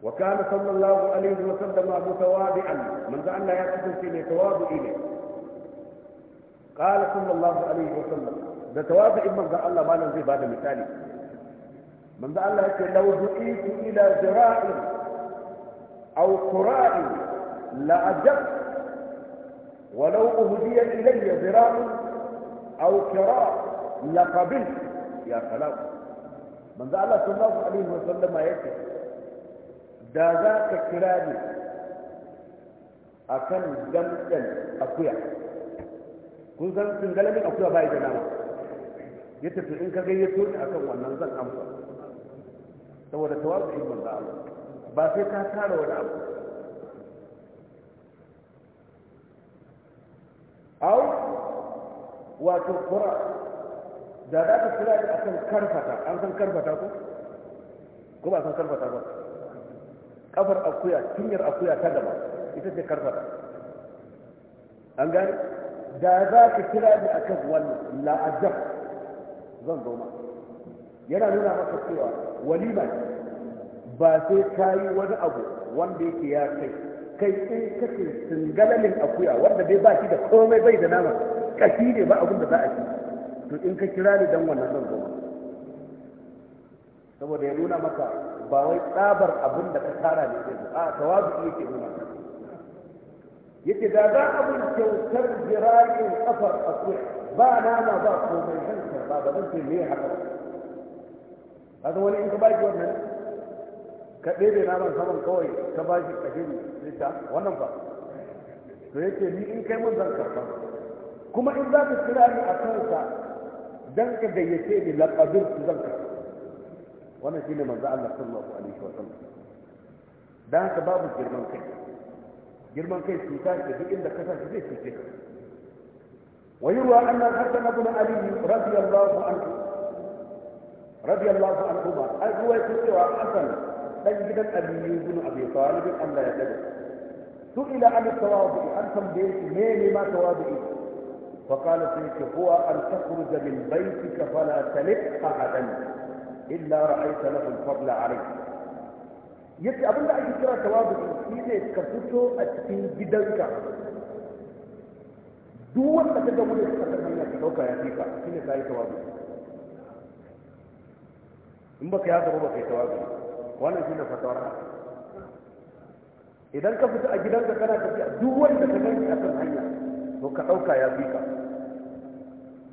S1: wa kana sallallahu alaihi wa sallama mutawadi'an manzo Allah ya kasance mai tawazu ne قال صلى الله عليه وسلم ده توافع من ذا الله ما نزي بعد مثالي من ذا الله يقول لو دعيت إلى زراء أو قراء لعجبت ولو أهدي إلي ذراع أو كراع لقبلت يا سلام من ذا الله صلى الله عليه وسلم يكتب da za ka kira ne a kan akuya kun san singalamin akuya ba da nama ya tafi in ka gayyato ni akan wannan zan amsa ba sai ka tara wani abu au wato kura da za ka kira a kan karfata an san karfata ko ko ba san karfata ba kafar akuya cinyar akuya ta gaba ita ce karfata an gani da za ka kira ni akan wannan la'ajab zan zo yana nuna maka cewa walima ba sai ka yi wani abu wanda yake ya kai kai in kace singalalin akuya wanda bai ba shi da komai bai da nama kashi ne ba abin da za a ci to in ka kira ni dan wannan zan zo saboda ya nuna maka ba wai tsabar abin da ka tara ne ke a tawazu yake nuna yake da za abin kyautar jira'in kafar akuya ba nama ba komai zan karba ba zan ce me haka kaga wani in ka ba ki wannan ka ɗebe naman saman kawai ka ba shi kashin lita wannan ba to yake ni in kai mun zan karɓa kuma in za ka kira ni a kansa dan ka gayyace ni laƙabin su zan karɓa wannan shine manzo Allah sallallahu alaihi wa sallam dan haka babu girman kai girman kai cuta ce duk inda ka sa zai cuce ka ويروى أن الحسن بن علي رضي الله عنه رضي الله عنهما أروى سوى حسن دجد ابي بن ابي طالب ان لا يدعو سئل عن التواضع انتم بيت مين ما تواضعي فقال سيك هو ان تخرج من بيتك فلا تلق احدا الا رايت له الفضل عليك يتي ابن دعي كرا تواضع سيدي كفتو اتكين جدنك دوان تتجمل تتجمل تتوقع يا سيكا سيني تاي تواضع انبك يا ضربك يا تواضع wannan shi ne fatawar idan ka fita a gidanka kana tafiya duk wanda ka gani a kan hanya to ka ɗauka ya fi ka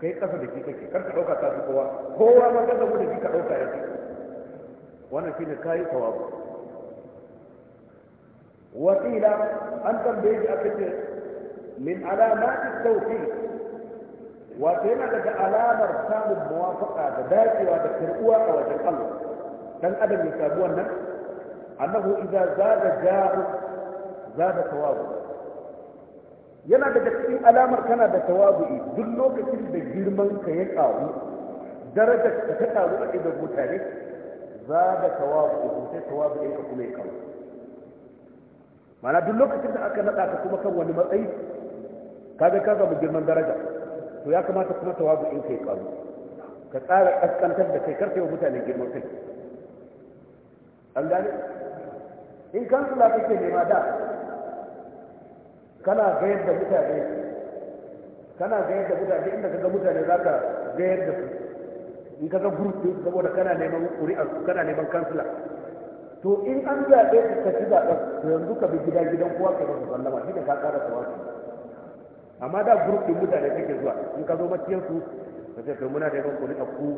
S1: kai ƙasa da shi kake kar ka ɗauka ka fi kowa kowa ma ka zama da shi ka ɗauka ya fi wannan shi ne kayi tawabu wakila an tambaye shi aka ce min alamatin tawfiq wato yana daga alamar samun muwafaka da dacewa da karbuwa a wajen Allah dan adam ya samu wannan annahu idza zada ja'u zada tawabu yana daga cikin alamar kana da tawabu'i duk lokacin da girman ka ya karu darajar ka ta karu a idan mutane zada tawabu'i sai tawabu'i ka kuma ya karu mana duk lokacin da aka nada ka kuma kan wani matsayi kaga ka zama girman daraja to ya kamata kuma tawabu'in ka ya karu ka tsara kaskantar da kai karfe wa mutane girman kai an gane in kansula kake nema da kana gayar da mutane kana gayar da mutane inda ga mutane za ka gayar da su in ga group din saboda kana neman ƙuri'ar su kana neman kansula to in an zaɓe su ka ci zaɓen to yanzu ka bi gida gidan kowa ka masu sallama shi da ka ƙara da wasu amma da group din mutane kake zuwa in ka zo maciyar su ka ce to muna neman ƙuri'ar ku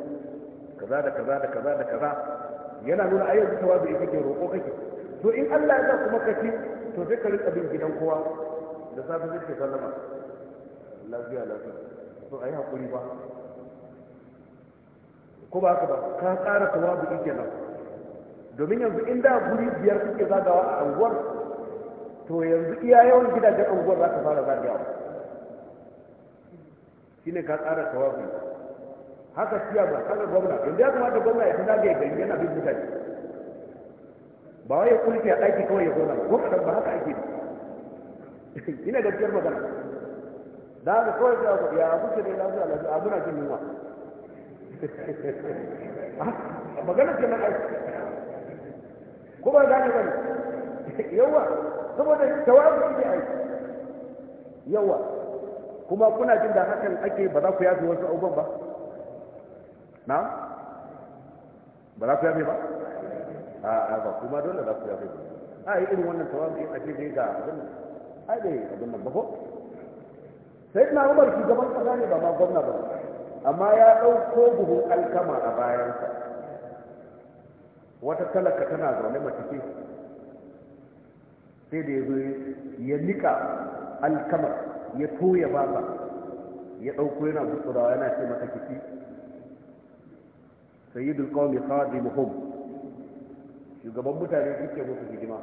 S1: kaza da kaza da kaza da kaza yana nuna ai yanzu ita ke roƙo kake to in Allah ya sa kuma ka to sai ka rika gidan kowa da safe zai ce sallama lafiya lafiya to yi hakuri ba ko ba ka ba ka ƙara ita nan domin yanzu in da guri biyar suke zagawa a anguwar to yanzu iya yawan gidajen anguwar za ka fara zagawa shine ka ƙara tawazu haka siya ba haka gwamna yanzu ya kamata gwamna ya tana ga gari yana bin mutane ba wai ya kulke a aiki kawai ya zauna ko kaɗan ba haka ake ina gaskiyar magana da haka kawai za ku ya kuke ne lafiya lafiya abu na jin yunwa
S2: magana ce na aiki
S1: ko ba za ka bane yawa saboda tawazu ne aiki yawa kuma kuna jin da hakan ake ba za ku yafi wasu abubuwan ba na ba za ku yafe ba a ba kuma dole za ku yafe ba a yi irin wannan tawazu a ake zai ga abin nan ai dai abin nan ba ko sai na umar gaban kasa ne ba ma gwamna ba amma ya ɗauko buhu alkama a bayansa wata talaka tana zaune matafi sai da ya zo ya nika alkamar ya toya baba ya ɗauko yana gutsurawa yana ce mata kifi sayyidul qawmi khadimuhum shugaban mutane suke musu hidima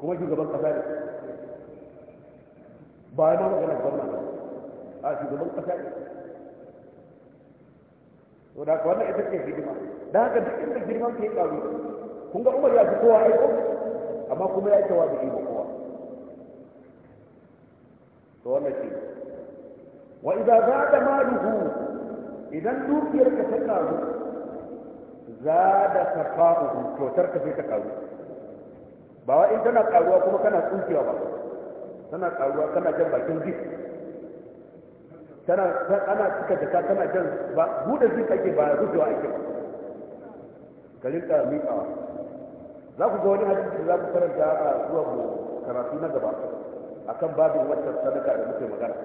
S1: kuma shugaban kasa ne ba ya ma magana gwamna a shugaban kasa ne to da kwanan ita ce hidima da haka duk inda girma ke karu kun ga umar ya fi kowa aiko amma kuma ya yi tawa da iko kowa to wannan shi wa idan idza zada maluhu idan dukiyar ka ta karu za zada safa'uhu kyautar ka sai ta karu ba wa in tana karuwa kuma kana tsukewa ba tana karuwa kana jan bakin zik tana ana cika jaka tana jan ba bude zik ake ba rufewa ake ba ka rinka miƙawa za ku ga wani hadisi da za ku karanta a zuwa mu karatu na gaba akan babin waccan sadaka da muke magana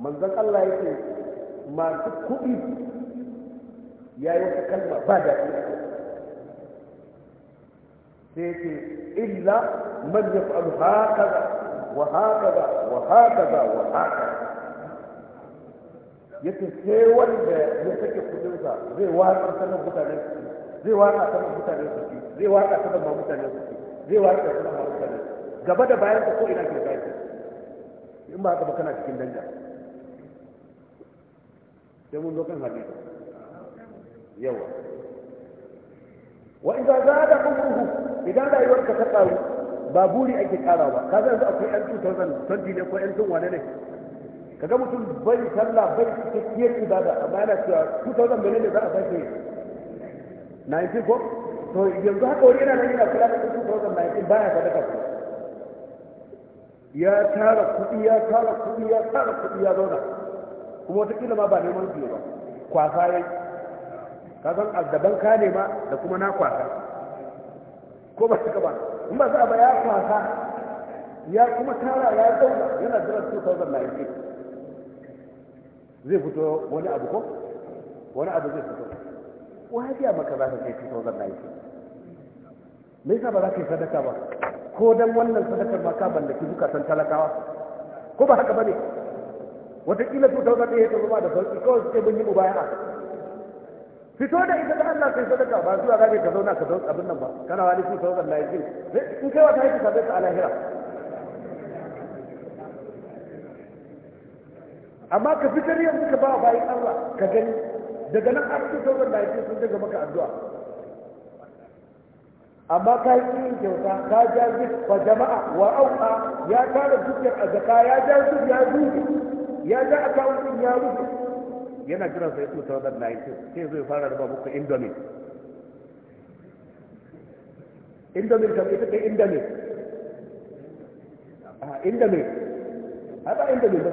S1: manzan Allah yake masu kuɗi ya yi wata kalma ba da sai ce illa man haka hakaza wa haka ba, wa haka ba, wa haka. Ya ce sai wanda ya sake kudinsa zai watsa sanar mutane su zai watsa sanar mutane su zai watsa sanar ma mutane su zai watsa sanar ma mutane gaba da bayan ko ina ke zaki in ba haka ba kana cikin danja sai mun zo kan hadisi yawa wa idza zada umruhu idan ka ta karu ba buri ake kara ba ka yanzu akwai yan tanti ne ko yan tun wane ne kaga mutum bai sallah bai cikakkiyar ibada amma yana cewa 2000 bane ne za a sake 19 ko to yanzu haka wani yana nan yana kula da 2019 baya sadaka ko ya tara kuɗi ya tara kuɗi ya tara kuɗi ya zauna kuma watakila ma ba neman su ba kwasa yai ka san daban ka nema da kuma na kwasa ko ba suka ba in ba za ba ya kwasa ya kuma tara ya zauna yana jiran 2019 zai fito wani abu ko wani abu zai fito ko hajiya maka za ka kai 2019 me yasa ba za ka yi sadaka ba ko dan wannan sadakar ma ka mallaki zukatan talakawa ko ba haka ba ne watakila tutar da ɗaya ta zuba da sauƙi kawai ce mun yi mu baya fito da ita da Allah sai sadaka ba zuwa ga ka zauna ka zauna abin nan ba kana wani tutar da lafiya in kai wata haifi ka zai ta alahira amma ka fitar yanzu ka ba bayan Allah ka gani daga nan an fito sauran da yake sun daga maka addu'a amma ka yi yin kyauta ka jaji wa jama'a wa auka ya tara dukkan a zaka ya ja ya zuke ya ga account din ya rufe yana jiran sai 2019 sai zai fara raba muku indomie indomie ta ita kai indomie a indomie a ba indomie ba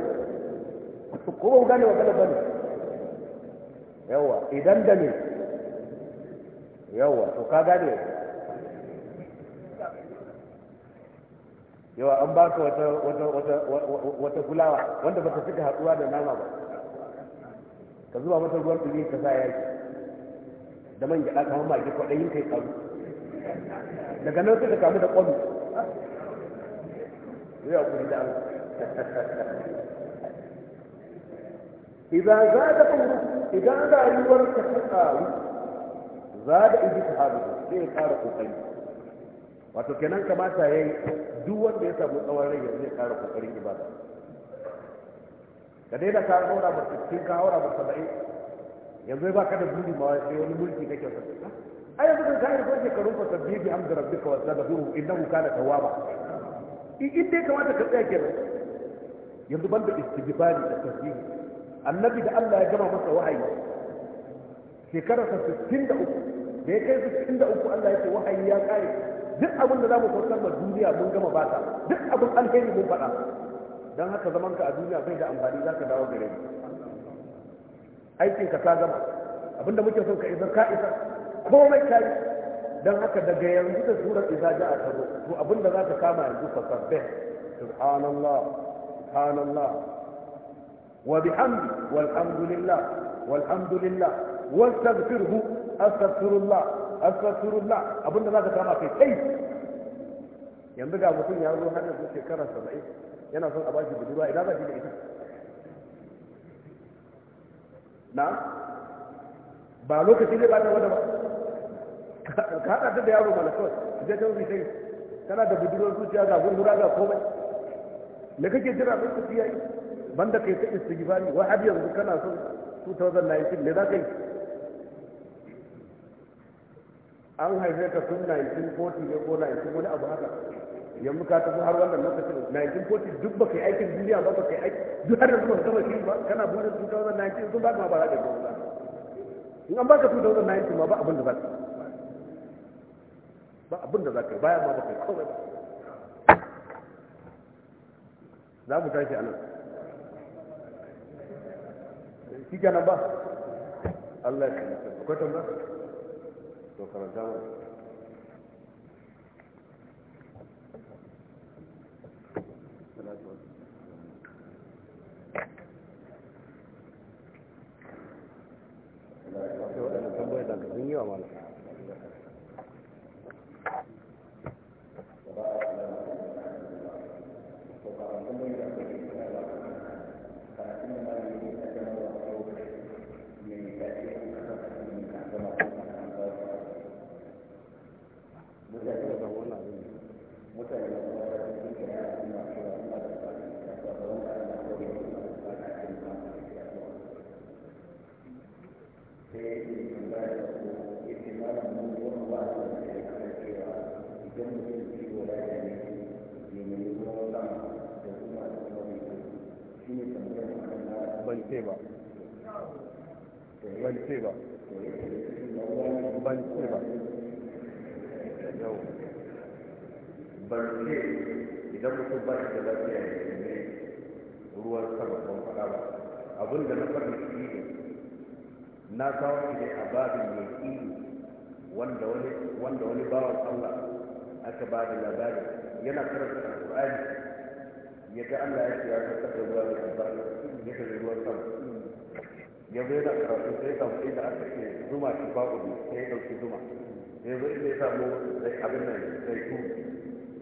S1: kuma ba gane wa ba ne yawa idan da ne yawa to ka gane yawa an ba wata wata wata wata fulawa wanda bata ka haɗuwa da nama ba ka zuba mata ruwan ɗumi ka sa yaki da man gyaɗa kamar magi kwaɗayin kai ƙaru
S2: daga nan suka kamu da ƙwami
S1: zai kuri da Allah idan za da ƙuru idan za a yi wani ta ƙaru za da ibi ta haɗu sai ya ƙara ƙoƙari wato kenan kamata ya yi duk wanda ya samu tsawon rai yanzu ya kara kokarin ibada ka daina ka haura ba cikin ka haura ba saba'in yanzu ba ka da buri ma sai wani mulki kake sa A yanzu kan kayar kwanke ka rumfa sabbi bi amda rabbika wa sadahu innahu kana tawwaba in dai kamata ka tsaya kenan yanzu banda istighfari da tasiri. annabi da Allah ya gama masa wahayi shekarar 63 da ya kai 63 Allah ya ce wahayi ya kare duk abin da za mu faɗa ma duniya mun gama ba ta duk abin alheri mun faɗa don haka zaman ka a duniya bai da amfani za ka dawo gare ni aikin ka ta gama abinda muke son ka isar ka isa komai ka yi don haka daga yanzu da surar izaja a tabo to abinda za ka kama yanzu fa sabbih subhanallah subhanallah wa bihamdi walhamdulillah walhamdulillah wastaghfirhu astaghfirullah astaghfirullah abinda za ka kama kai kai yanzu ga mutum ya zo har yanzu shekara saba'in yana son a ba shi budurwa idan za shi da ita na ba lokacin da ba ta wada ba ka haɗa da yaro mana kawai su je ta sai kana da budurwar zuciya ga gurgura ga komai me kake jira ba ya fiye banda kai ta istighfari wa har kana son 2019 me za ka yi an haife ka tun 1940 ne ko 19 wani abu haka yanzu ka tafi har wannan lokacin 1940 duk baka yi aikin duniya ba baka yi aiki duk har yanzu baka ka shi ba kana burin 2019 sun baka ma ba za ka yi ba in an baka 2019 ma ba abin da za ka ba abin da za ka yi baya ma baka yi komai ba za mu tashi a nan shi kenan ba Allah ya kai kwatan ba to karanta mana Thank yi wa mana ce ba ban ce ba yau ban ce idan mutum ba shi da lafiya ya ne ruwan sama ban faɗa ba abin da na faɗi shi ne na kawo shi a mai ilu wanda wani wanda wani bawan Allah aka ba da labari yana karanta alƙur'ani ya ga Allah ya ce ya karɓar da ruwa da ya ruwan sama ya zo yana karatu sai ya samu inda aka ce zuma shi ba ubi sai ya dauki zuma ya zo inda ya samu abin nan zai tu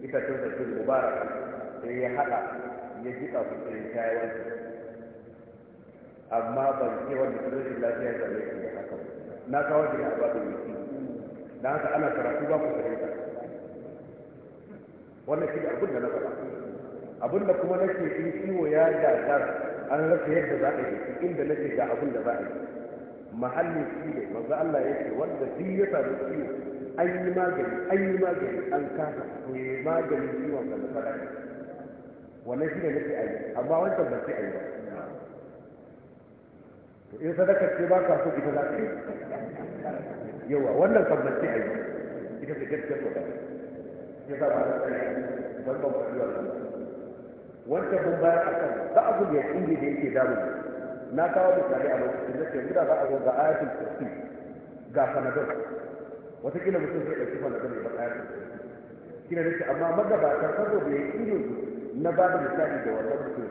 S1: ita tun da tun mubarak sai ya haɗa ya jiƙa su sai ya kayi wani amma ban ce wanda su rashin lafiya da laifin da haka na kawo shi da ababin ba da haka ana karatu ba ku ya wannan shi da abin da na faɗa abin da kuma nake in ciwo ya gagara an rasa yadda za a yi inda nake ga abin da za a yi mahalli shi ne manzo Allah ya ce wanda duk ya samu ciwo an yi magani an yi magani an kasa to ya magani ciwon ga fara wannan shi ne nake a yi amma wancan ba sai a yi ba to in sadaka ce ba ka so ita za ka yi yawa wannan kan ba sai a yi ita ce gaskiyar ba ya sa ba ta tsaye don ban faɗi wannan wanda kun bayar a kan ba'adul yaqini da yake damu na kawo misali a lokacin da ke guda za a ga ayatul kursi ga sanadar watakila mutum zai ɗauki sanadar ne ba ayatul kursi kina da shi amma magabatar da ya yi ido na ba da misali da wannan mutum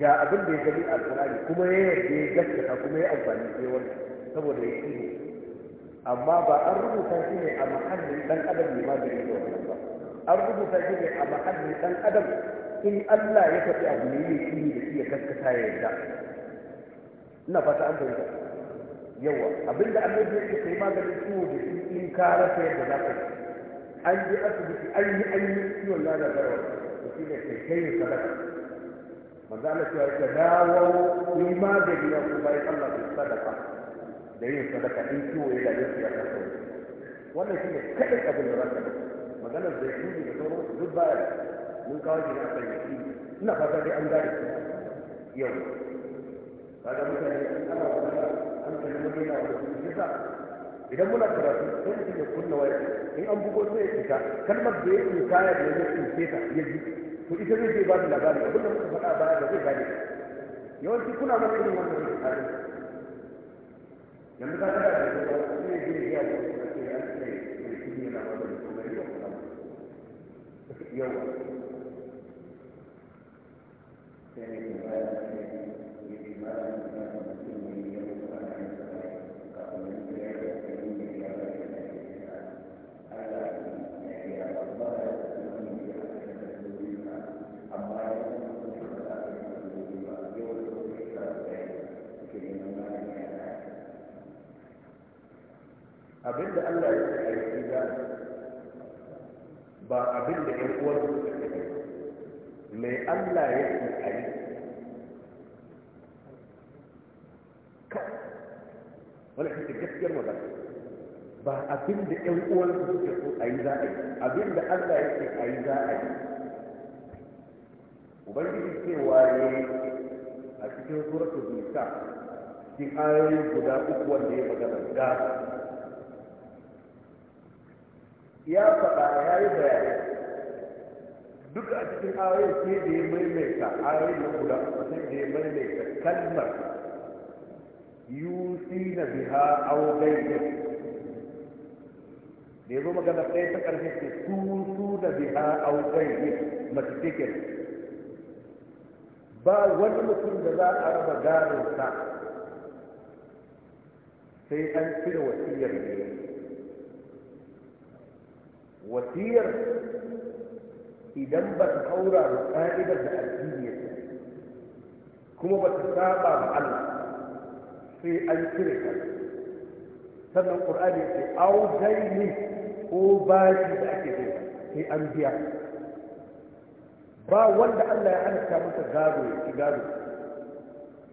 S1: ga abin da ya gani a alƙur'ani kuma ya yarda ya gaskata kuma ya amfani da wannan saboda ya ido amma ba an rubuta shi ne a mahallin ɗan adam ne ma da ya wannan ba an rubuta shi ne a mahallin ɗan adam in Allah ya faɗi abu ne ya shi da shi ya kaskata ya yarda ina fata an fahimta yawa abinda an yi yake kai maganin ciwo da shi in ka rasa yadda za ka an je asibiti an yi an yi ciwon lalatarwa da shi ne kai kai ya sadaka manzo Allah cewa ka dawo yi magani ya ku bayan Allah da sadaka da yin sadaka in ciwo ya lalace ya kasa wannan shi ne kaɗai abin da za ka ya shi ne da sauransu duk baya mun kawo shi a bayyaki ina fata dai an gane yau kaga mutane ana wani an kalli mutane wata su yasa idan muna karatu sai mutum ya kunna waya in an bugo sai ya fita kalmar da ya fita ya da ya fice ta ya ji to ita zai ce ba da labari abin da muka faɗa baya da zai gane yawanci kuna ba irin wannan tsari yanzu ka kada da shi ne ji ne ya ce an ne ne abinda Allah ya ce a yi ba abinda ya uwar mai allah ya ce a yi wani shi gaskiyar magana ba abin da ƴan uwansu suke so a yi za a yi abin da allah ya ce a yi za a yi ubangiji cewa ne a cikin suratul nisa cikin ayoyin guda uku wanda ya magana da? ya faɗa ya yi bayanai duka a cikin ayoyi sai da ya maimaita ayoyi na guda sai da ya maimaita kalmar yusi na biha augaita da ya zo magana ɗaya ta ƙarshe ce su da biha augaita mace take ba wani mutum da za a raba gadonsa sai an cire wasiyar ne wasiyar idan ba su haura da ƙa'idar da addini ya kuma ba su saba ba Allah sai an cire ka sannan ƙur'ani ce audaini ko bashi da ake zai sai an biya ba wanda Allah ya halatta masa gado ya ci gado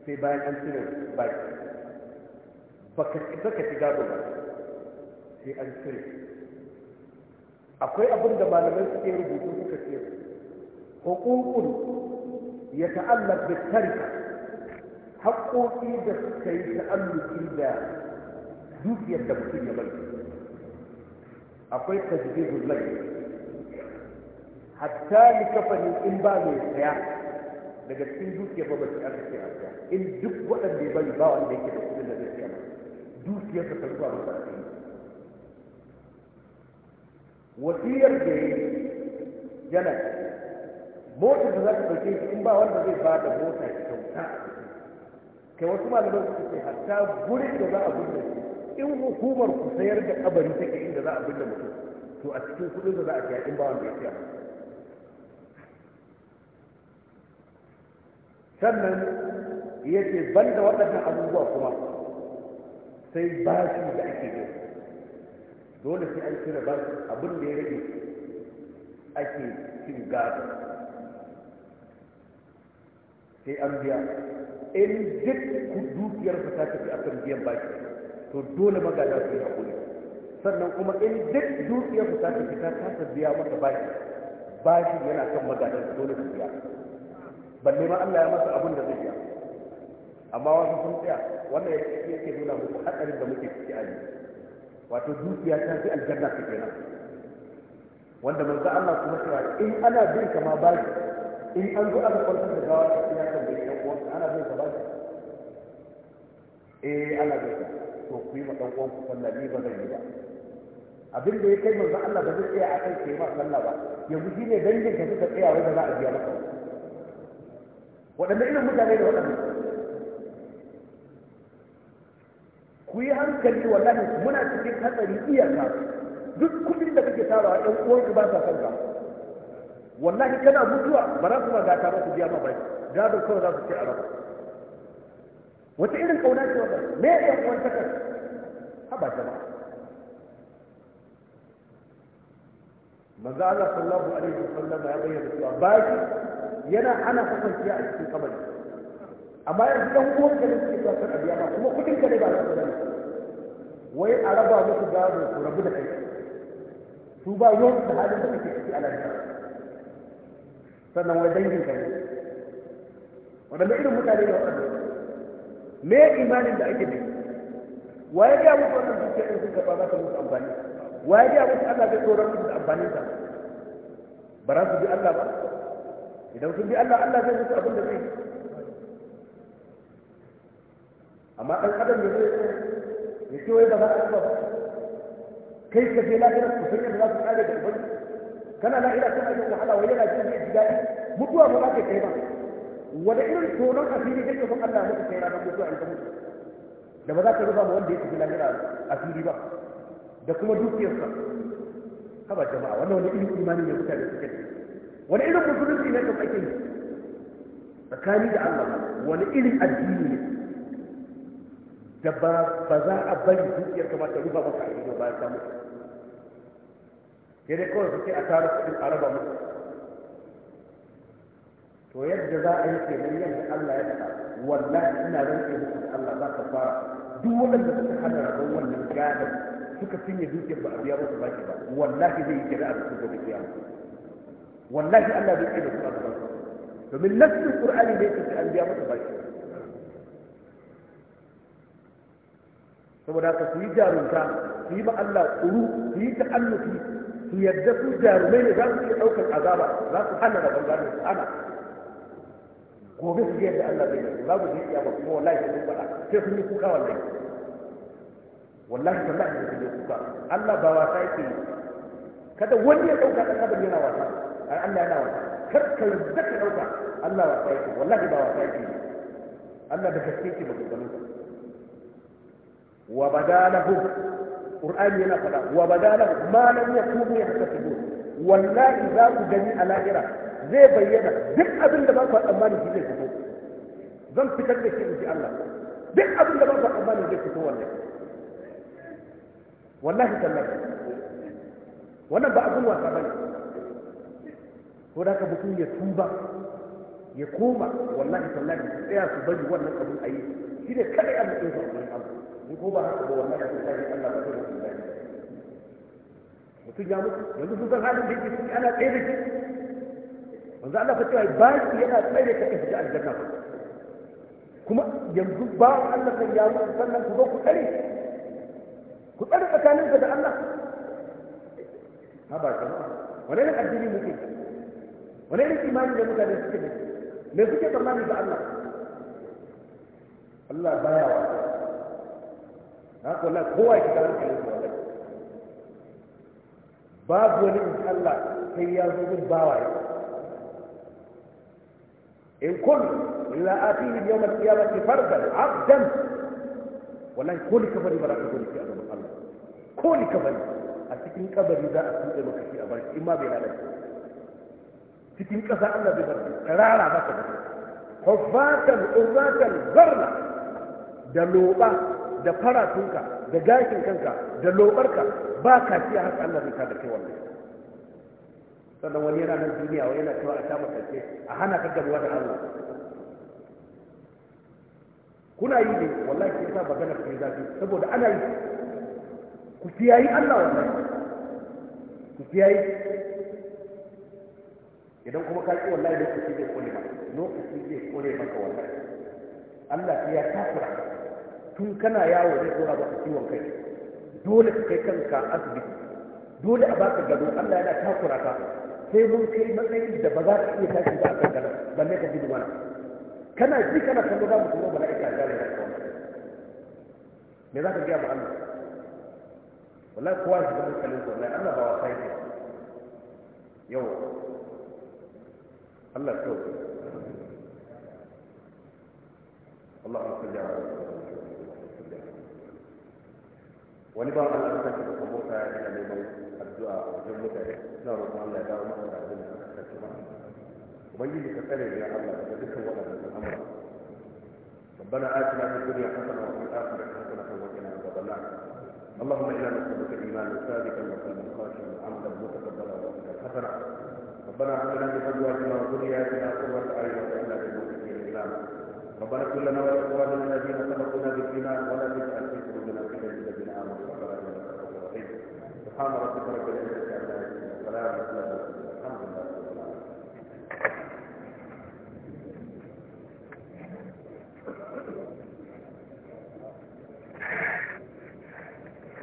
S1: sai bayan an cire baki baka ci gado ba sai an cire akwai abin da malamai suke rubutu suka ce hukukun ya ta'allar da tarika haƙoƙi da suka yi ta'alluki da dukiyar da mutum ya bari akwai tajibin lai hatta ni kafanin in ba mai saya daga cikin dukiyar babaci aka ce a saya in duk waɗanda ya bari ba wanda yake da kudin da zai saya dukiyar ka tarzuwa masa a cikin wasiyar da ya yana motar da za ka ɗauke shi in ba wanda zai ba da mota kyauta kai wasu malaman da ce hatta gurin da za a binne shi in hukumar ku sayar da kabari take inda za a binne mutum to a cikin kudin da za a siya in ba wanda ya siya sannan ya ce ban da waɗannan abubuwa kuma sai bashi da ake yi dole sai an cire ba abin da ya rage ake cin gado sai an biya in duk dukiyar ta tafi akan biyan baki to dole magada su yi haƙuri sannan kuma in duk dukiyar ta tafi ta kasa biya maka baki bashi yana kan magana su dole su biya balle ma Allah ya masa abin da zai biya amma wasu sun tsaya wannan ya ke nuna muku haɗarin da muke ciki a yanzu wato dukiya ta fi aljanna ta kenan wanda manzo Allah kuma cewa in ana bin ka ma baki in an zo aka kwantar da gawa ta ya kan bai yan uwanka ana bin ka baki eh ana bin ka to ku yi ma dan uwanku sallah ni ba zan yi ba abin da ya kai manzo Allah ba zai tsaya akan kai ma sallah ba yanzu shine dangin ka suka tsaya wai ba za a biya maka waɗanda irin mutane da waɗanda ku yi hankali wallahi muna cikin hatsari iyaka duk kudin da kake tarawa ɗan uwanku ba sa kanka wallahi kana mutuwa ba za su ma gata ba su biya ma bai gado kawai za su ce a raba wata irin kauna ce wannan me ya ɗan uwan ta Ba ta ba manzo Allah sallallahu alaihi wasallam ya bayyana cewa baki yana ana kasancewa a cikin kabari amma yanzu dan uwan ka ne suke son a biya ba kuma kudin ka ne ba su bane wai a raba musu gado su rabu da kai su ba yau da halin da kake ciki a lafiya sannan wai dangin ka ne irin mutane ne wadanda me imanin da ake da waye ya mutu wannan zuciya in sun ba za ta musu amfani waye ya mutu Allah zai tsoron musu da amfanin sa ba za su bi Allah ba idan sun bi Allah Allah zai musu abin da zai amma ɗan adam ya zai ya ce wai ba za a ba kai ka je lahira ku san yadda za ku kare da ubangi kana lahira kana yin wahala wai yana jin zai ji daɗi mutuwa ba za ka kai ba wani irin tonon asiri kake son Allah mutu kai ranar mutuwa in ka mutu da ba za ka rufa ma wanda ya tafi lahira asiri ba da kuma dukiyarsa haba jama'a wannan wani irin imani ne mutane suke da wani irin musulunci ne kan ake yi tsakani da Allah wani irin addini ne da ba za a bari dukiyar kamar ta rufa maka a ido bayan ta mutu sai dai kawai su ce a tara kuɗin a raba mutu to yadda za a yi kenan yadda Allah ya faɗa wallahi ina rantse muku da Allah za ka fara duk waɗanda suka hana rabon wannan gadon suka cinye dukiyar ba a biya musu baki ba wallahi zai yi kira a su gobe kiyama wallahi Allah zai da su a gaban domin nassin Qur'ani ne yake an biya musu baki saboda haka su yi jarumta su yi ba Allah tsuru su yi ta'alluki su yadda su jarumai ne za su iya ɗaukar azaba za su hana da bangaren su hana gobe su yadda Allah bai yi za su je ba kuma wallahi sun faɗa sai sun yi kuka wallahi wallahi tallahi sai sun yi kuka Allah ba wasa yake yi kada wani ya ɗauka ɗan adam yana wasa ai Allah yana wasa kar ka yadda ka ɗauka Allah wasa yake wallahi ba wasa yake Allah da gaske yake ba ka wa badalahu qur'ani yana faɗa wa badalahu ma lam yakunu yahtasibun wallahi za ku gani a lahira zai bayyana duk abin da ba ku tsammani shi zai fito zan fitar da shi in ji Allah duk abin da ba ku tsammani zai fito wallahi wallahi tallafi wannan ba abin wasa bane ko da ka mutum ya tuba ya koma wallahi tallafi su tsaya su bari wannan abin ayi shi ne kada ya mutum su abin Allah ko ba haka ba wannan ya tsaya Allah ba zai mutu mutum ya mutu yanzu sun san halin da yake ciki ana tsaye da shi yanzu Allah ka cewa ba shi yana tsaye da kake fita aljanna kuma yanzu ba Allah kan ya mutu sannan ku zo ku tsare ku tsare tsakaninka da Allah ha ba jama'a wani irin addini muke wani irin imani da mutane suke da me suke tsammani da Allah Allah baya wa haka wallahi kowa ya kitar hankalin sa wallahi babu wani in Allah sai ya zo bin bawaye in kun illa atihi yawm al-qiyamati fardan abdan wallahi ko ni kabari ba ki a Allah ko ni a cikin kabari za a tuɗe maka shi a barci in ma bai lalace cikin ƙasa Allah bai barci rara maka da huffatan urbatan zarna da loba da faratunka da gashin kanka da lobarka ba ka ci haka Allah zai kada kai wannan sannan wani yana nan duniya wani yana cewa a sha makarce a hana ka gabuwa da Allah kuna yi ne wallahi ki sa magana ku yi zafi saboda ana yi ku kiyayi Allah wallahi ku kiyayi idan kuma ka ki wallahi lokaci zai kone maka lokaci zai kone maka wallahi Allah ya takura tun kana yawo zai dora baka ciwon kai dole ka kai kanka asibiti dole a baka gado Allah yana takura ka sai mun kai matsayin da ba za ka iya tashi ba a kan gado balle ka ji mana kana ji kana kallo za mu tuno mala'ika ta rayuwa me za ka gaya ma Allah wallahi kowa shi zama kalin wallahi Allah ba wasa yake yau Allah ya Allah ya wani ba Allah ya saka ka mota yana neman addu'a a wajen mutane suna roƙon Allah ya dawo masa da abin da aka saka ba ubangiji ka tsare da Allah daga dukkan waɗannan al'amura ربنا آتنا في الدنيا حسنة وفي الآخرة حسنة وقنا عذاب النار اللهم إنا نسألك إيمانا ثابتا وقلبا خاشعا وعملا متقبلا وأجرا حسنا ربنا آتنا لنا أزواجنا وذرياتنا قرة أعين وجعلنا للمتقين إماما ربنا لنا ولإخواننا الذين سبقونا بالإيمان ولا تجعل في قلوبنا سبحان ربك رب العزة عما يصفون وسلام على